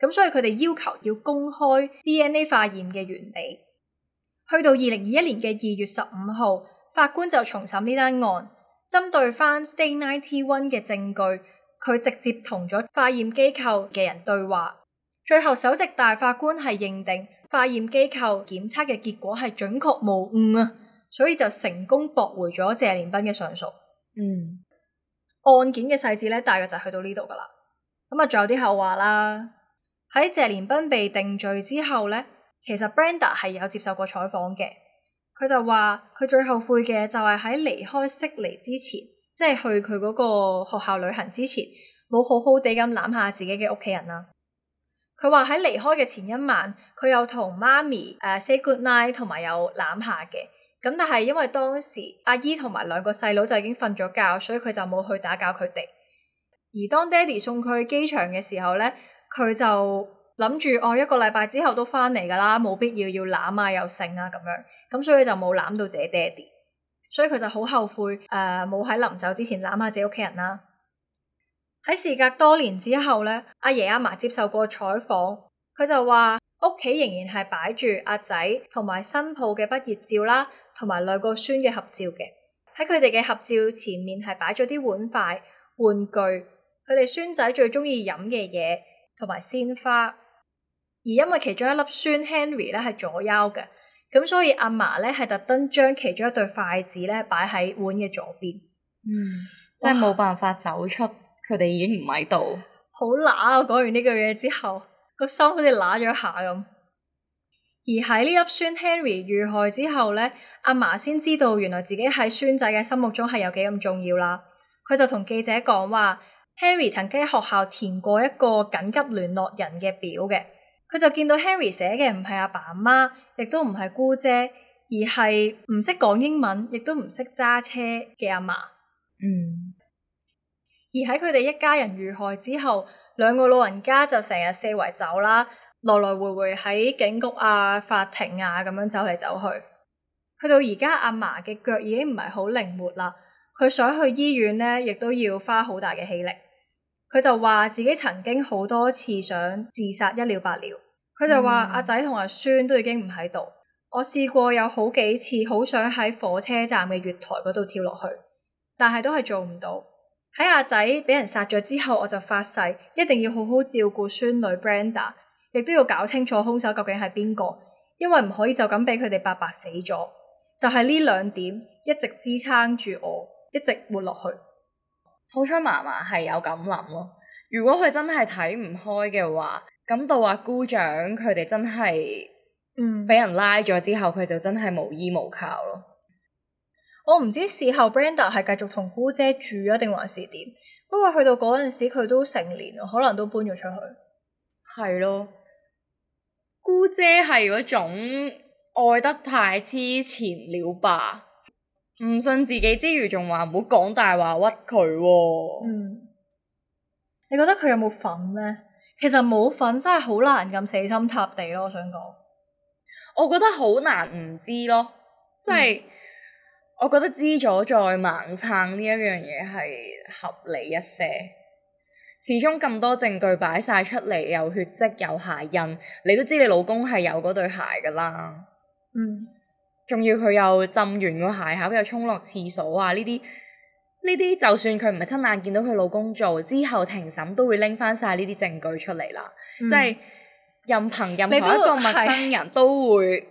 咁所以佢哋要求要公開 DNA 化驗嘅原理。去到二零二一年嘅二月十五號，法官就重審呢單案，針對翻 Stay 91嘅證據，佢直接同咗化驗機構嘅人對話。最後首席大法官係認定。化驗機構檢測嘅結果係準確無誤啊，所以就成功駁回咗謝連斌嘅上訴。嗯，案件嘅細節咧，大約就係去到呢度噶啦。咁啊，仲有啲後話啦。喺謝連斌被定罪之後咧，其實 Brenda 係有接受過採訪嘅，佢就話佢最後悔嘅就係喺離開悉尼之前，即係去佢嗰個學校旅行之前，冇好好地咁攬下自己嘅屋企人啦。佢話喺離開嘅前一晚，佢有同媽咪誒 say good night，同埋有攬下嘅。咁但係因為當時阿姨同埋兩個細佬就已經瞓咗覺，所以佢就冇去打攪佢哋。而當爹哋送佢去機場嘅時候咧，佢就諗住我一個禮拜之後都翻嚟噶啦，冇必要要攬啊，又剩啊咁樣。咁所以就冇攬到自己爹哋，所以佢就好後悔誒，冇喺臨走之前攬下自己屋企人啦。喺事隔多年之後咧，阿爺阿嫲接受過採訪，佢就話屋企仍然係擺住阿仔同埋新抱嘅畢業照啦，同埋兩個孫嘅合照嘅。喺佢哋嘅合照前面係擺咗啲碗筷、玩具，佢哋孫仔最中意飲嘅嘢同埋鮮花。而因為其中一粒孫 Henry 咧係左右嘅，咁所以阿嫲咧係特登將其中一對筷子咧擺喺碗嘅左邊，嗯，真係冇辦法走出。佢哋已經唔喺度，好乸啊！講完呢句嘢之後，個心好似乸咗下咁。而喺呢粒孫 Henry 遇害之後呢，阿嫲先知道原來自己喺孫仔嘅心目中係有幾咁重要啦。佢就同記者講話：Henry 曾經喺學校填過一個緊急聯絡人嘅表嘅，佢就見到 Henry 寫嘅唔係阿爸阿媽，亦都唔係姑姐，而係唔識講英文，亦都唔識揸車嘅阿嫲。嗯。而喺佢哋一家人遇害之後，兩個老人家就成日四圍走啦，來來回回喺警局啊、法庭啊咁樣走嚟走去。去到而家，阿嫲嘅腳已經唔係好靈活啦，佢想去醫院呢亦都要花好大嘅氣力。佢就話自己曾經好多次想自殺一了百了。佢就話嗯、阿仔同阿孫都已經唔喺度，我試過有好幾次好想喺火車站嘅月台嗰度跳落去，但係都係做唔到。喺阿仔畀人殺咗之後，我就發誓一定要好好照顧孫女 Brenda，亦都要搞清楚兇手究竟係邊個，因為唔可以就咁俾佢哋白白死咗。就係呢兩點一直支撐住我，一直活落去。好彩嫲嫲係有咁諗咯。如果佢真係睇唔開嘅話，咁到阿姑丈，佢哋真係，嗯，俾人拉咗之後，佢就真係無依無靠咯。我唔知事後 Brenda 係繼續同姑姐住啊，定還是點？不過去到嗰陣時，佢都成年，可能都搬咗出去。係咯，姑姐係嗰種愛得太痴纏了吧？唔信自己之餘，仲話唔好講大話屈佢。嗯，你覺得佢有冇份咧？其實冇份真係好難咁死心塌地咯。我想講，我覺得好難唔知咯，即係。嗯我覺得知咗再盲撐呢一樣嘢係合理一些，始終咁多證據擺晒出嚟，有血跡有鞋印，你都知你老公係有嗰對鞋噶啦。嗯，仲要佢又浸完個鞋盒，又沖落廁所啊！呢啲呢啲就算佢唔係親眼見到佢老公做，之後庭審都會拎翻晒呢啲證據出嚟啦。即係、嗯、任憑任何一個陌生人都會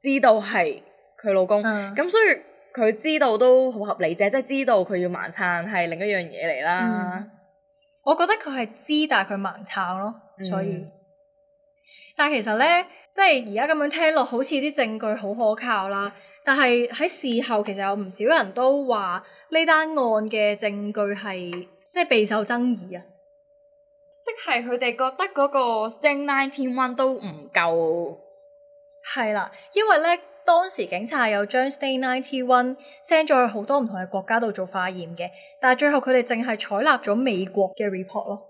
知道係。佢老公咁，嗯、所以佢知道都好合理啫，即係知道佢要盲撐係另一樣嘢嚟啦。我覺得佢係知，但係佢盲撐咯。所以，嗯、但係其實咧，即係而家咁樣聽落，好似啲證據好可靠啦。但係喺事後，其實有唔少人都話呢單案嘅證據係即係備受爭議啊。即係佢哋覺得嗰個 stain 91都唔夠係啦，因為咧。當時警察有將 Stay91 send 咗去好多唔同嘅國家度做化驗嘅，但係最後佢哋淨係採納咗美國嘅 report 咯。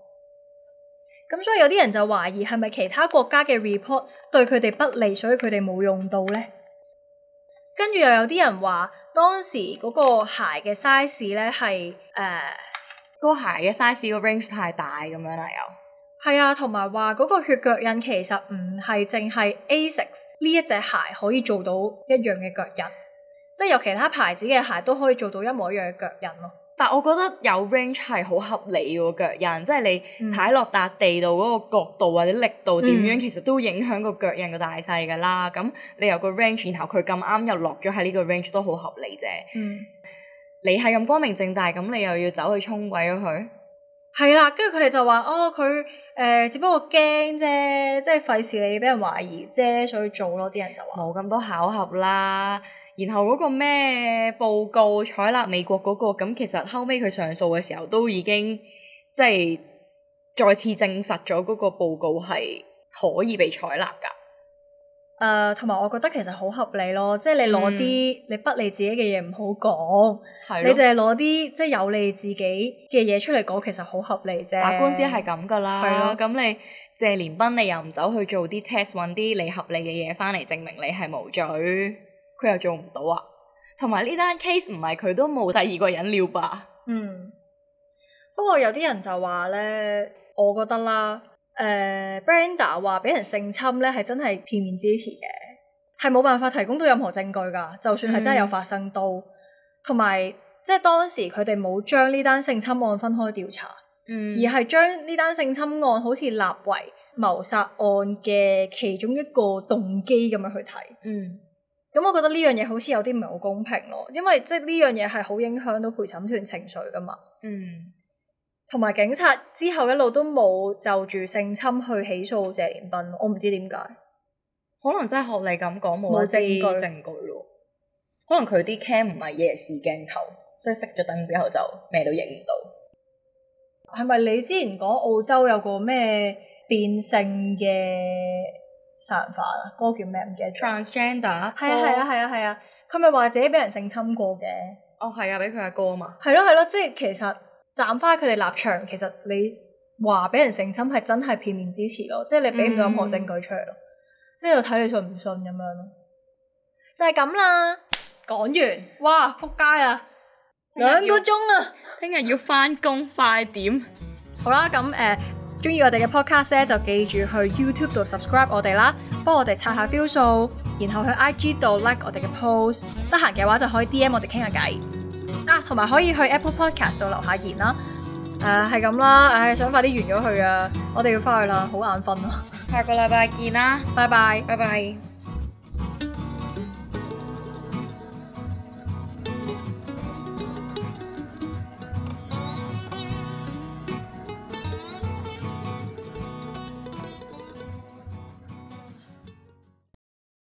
咁所以有啲人就懷疑係咪其他國家嘅 report 對佢哋不利，所以佢哋冇用到呢。跟住又有啲人話，當時嗰個鞋嘅 size 呢係誒，呃嗰個鞋嘅 size 個 range 太大咁樣啦又。係啊，同埋話嗰個血腳印其實唔係淨係 Asics 呢一隻鞋可以做到一樣嘅腳印，即係有其他牌子嘅鞋都可以做到一模一樣嘅腳印咯。但係我覺得有 range 係好合理嘅腳印，即係你踩落笪地度嗰個角度或者力度點樣，嗯、其實都影響個腳印嘅大細噶啦。咁你由個 range 然後佢咁啱又落咗喺呢個 range 都好合理啫。嗯、你係咁光明正大咁，你又要走去沖鬼咗佢？係啦，跟住佢哋就話：哦，佢誒、呃，只不過驚啫，即係費事你俾人懷疑啫，所以做咯。啲人就話冇咁多巧合啦。然後嗰個咩報告採納美國嗰、那個，咁其實後尾佢上訴嘅時候，都已經即係再次證實咗嗰個報告係可以被採納噶。誒，同埋、uh, 我覺得其實好合理咯，即係你攞啲你不利自己嘅嘢唔好講，嗯、你淨係攞啲即係有利自己嘅嘢出嚟講，其實好合理啫。打官司係咁噶啦，咁了、嗯、你謝連斌你又唔走去做啲 test 揾啲你合理嘅嘢翻嚟證明你係無罪，佢又做唔到啊。同埋呢單 case 唔係佢都冇第二個人了吧？嗯，不過有啲人就話咧，我覺得啦。誒、uh, Brenda 話俾人性侵咧，係真係片面之詞嘅，係冇辦法提供到任何證據噶。就算係真係有發生都，同埋、嗯、即係當時佢哋冇將呢單性侵案分開調查，嗯、而係將呢單性侵案好似立為謀殺案嘅其中一個動機咁樣去睇。咁、嗯、我覺得呢樣嘢好似有啲唔係好公平咯，因為即係呢樣嘢係好影響到陪審團情緒噶嘛。嗯同埋警察之後一路都冇就住性侵去起訴謝連斌，我唔知點解。可能真係學你咁講冇證據咯。可能佢啲 cam 唔係夜視鏡頭，所以熄咗燈之後就咩都影唔到。係咪你之前講澳洲有個咩變性嘅殺人犯啊？嗰個叫咩唔記得。Transgender 係啊係啊係啊係啊！佢咪話自己俾人性侵過嘅。哦係啊，俾佢阿哥啊嘛。係咯係咯，即係其實。站翻佢哋立場，其實你話俾人誠心係真係片面支持咯，即係你俾唔到任何證據出嚟咯，嗯、即係睇你信唔信咁樣咯，就係咁啦。講完，哇，仆街啊，兩個鐘啊，聽日要翻工，快點。好啦，咁誒，中、呃、意我哋嘅 podcast 咧，就記住去 YouTube 度 subscribe 我哋啦，幫我哋刷下標數，然後去 IG 度 like 我哋嘅 post，得閒嘅話就可以 DM 我哋傾下偈。啊，同埋可以去 Apple Podcast 度留下言啦，誒係咁啦，唉想快啲完咗佢啊，我哋要翻去啦，好眼瞓咯，啊，下個禮拜見啦，拜拜拜拜。拜拜。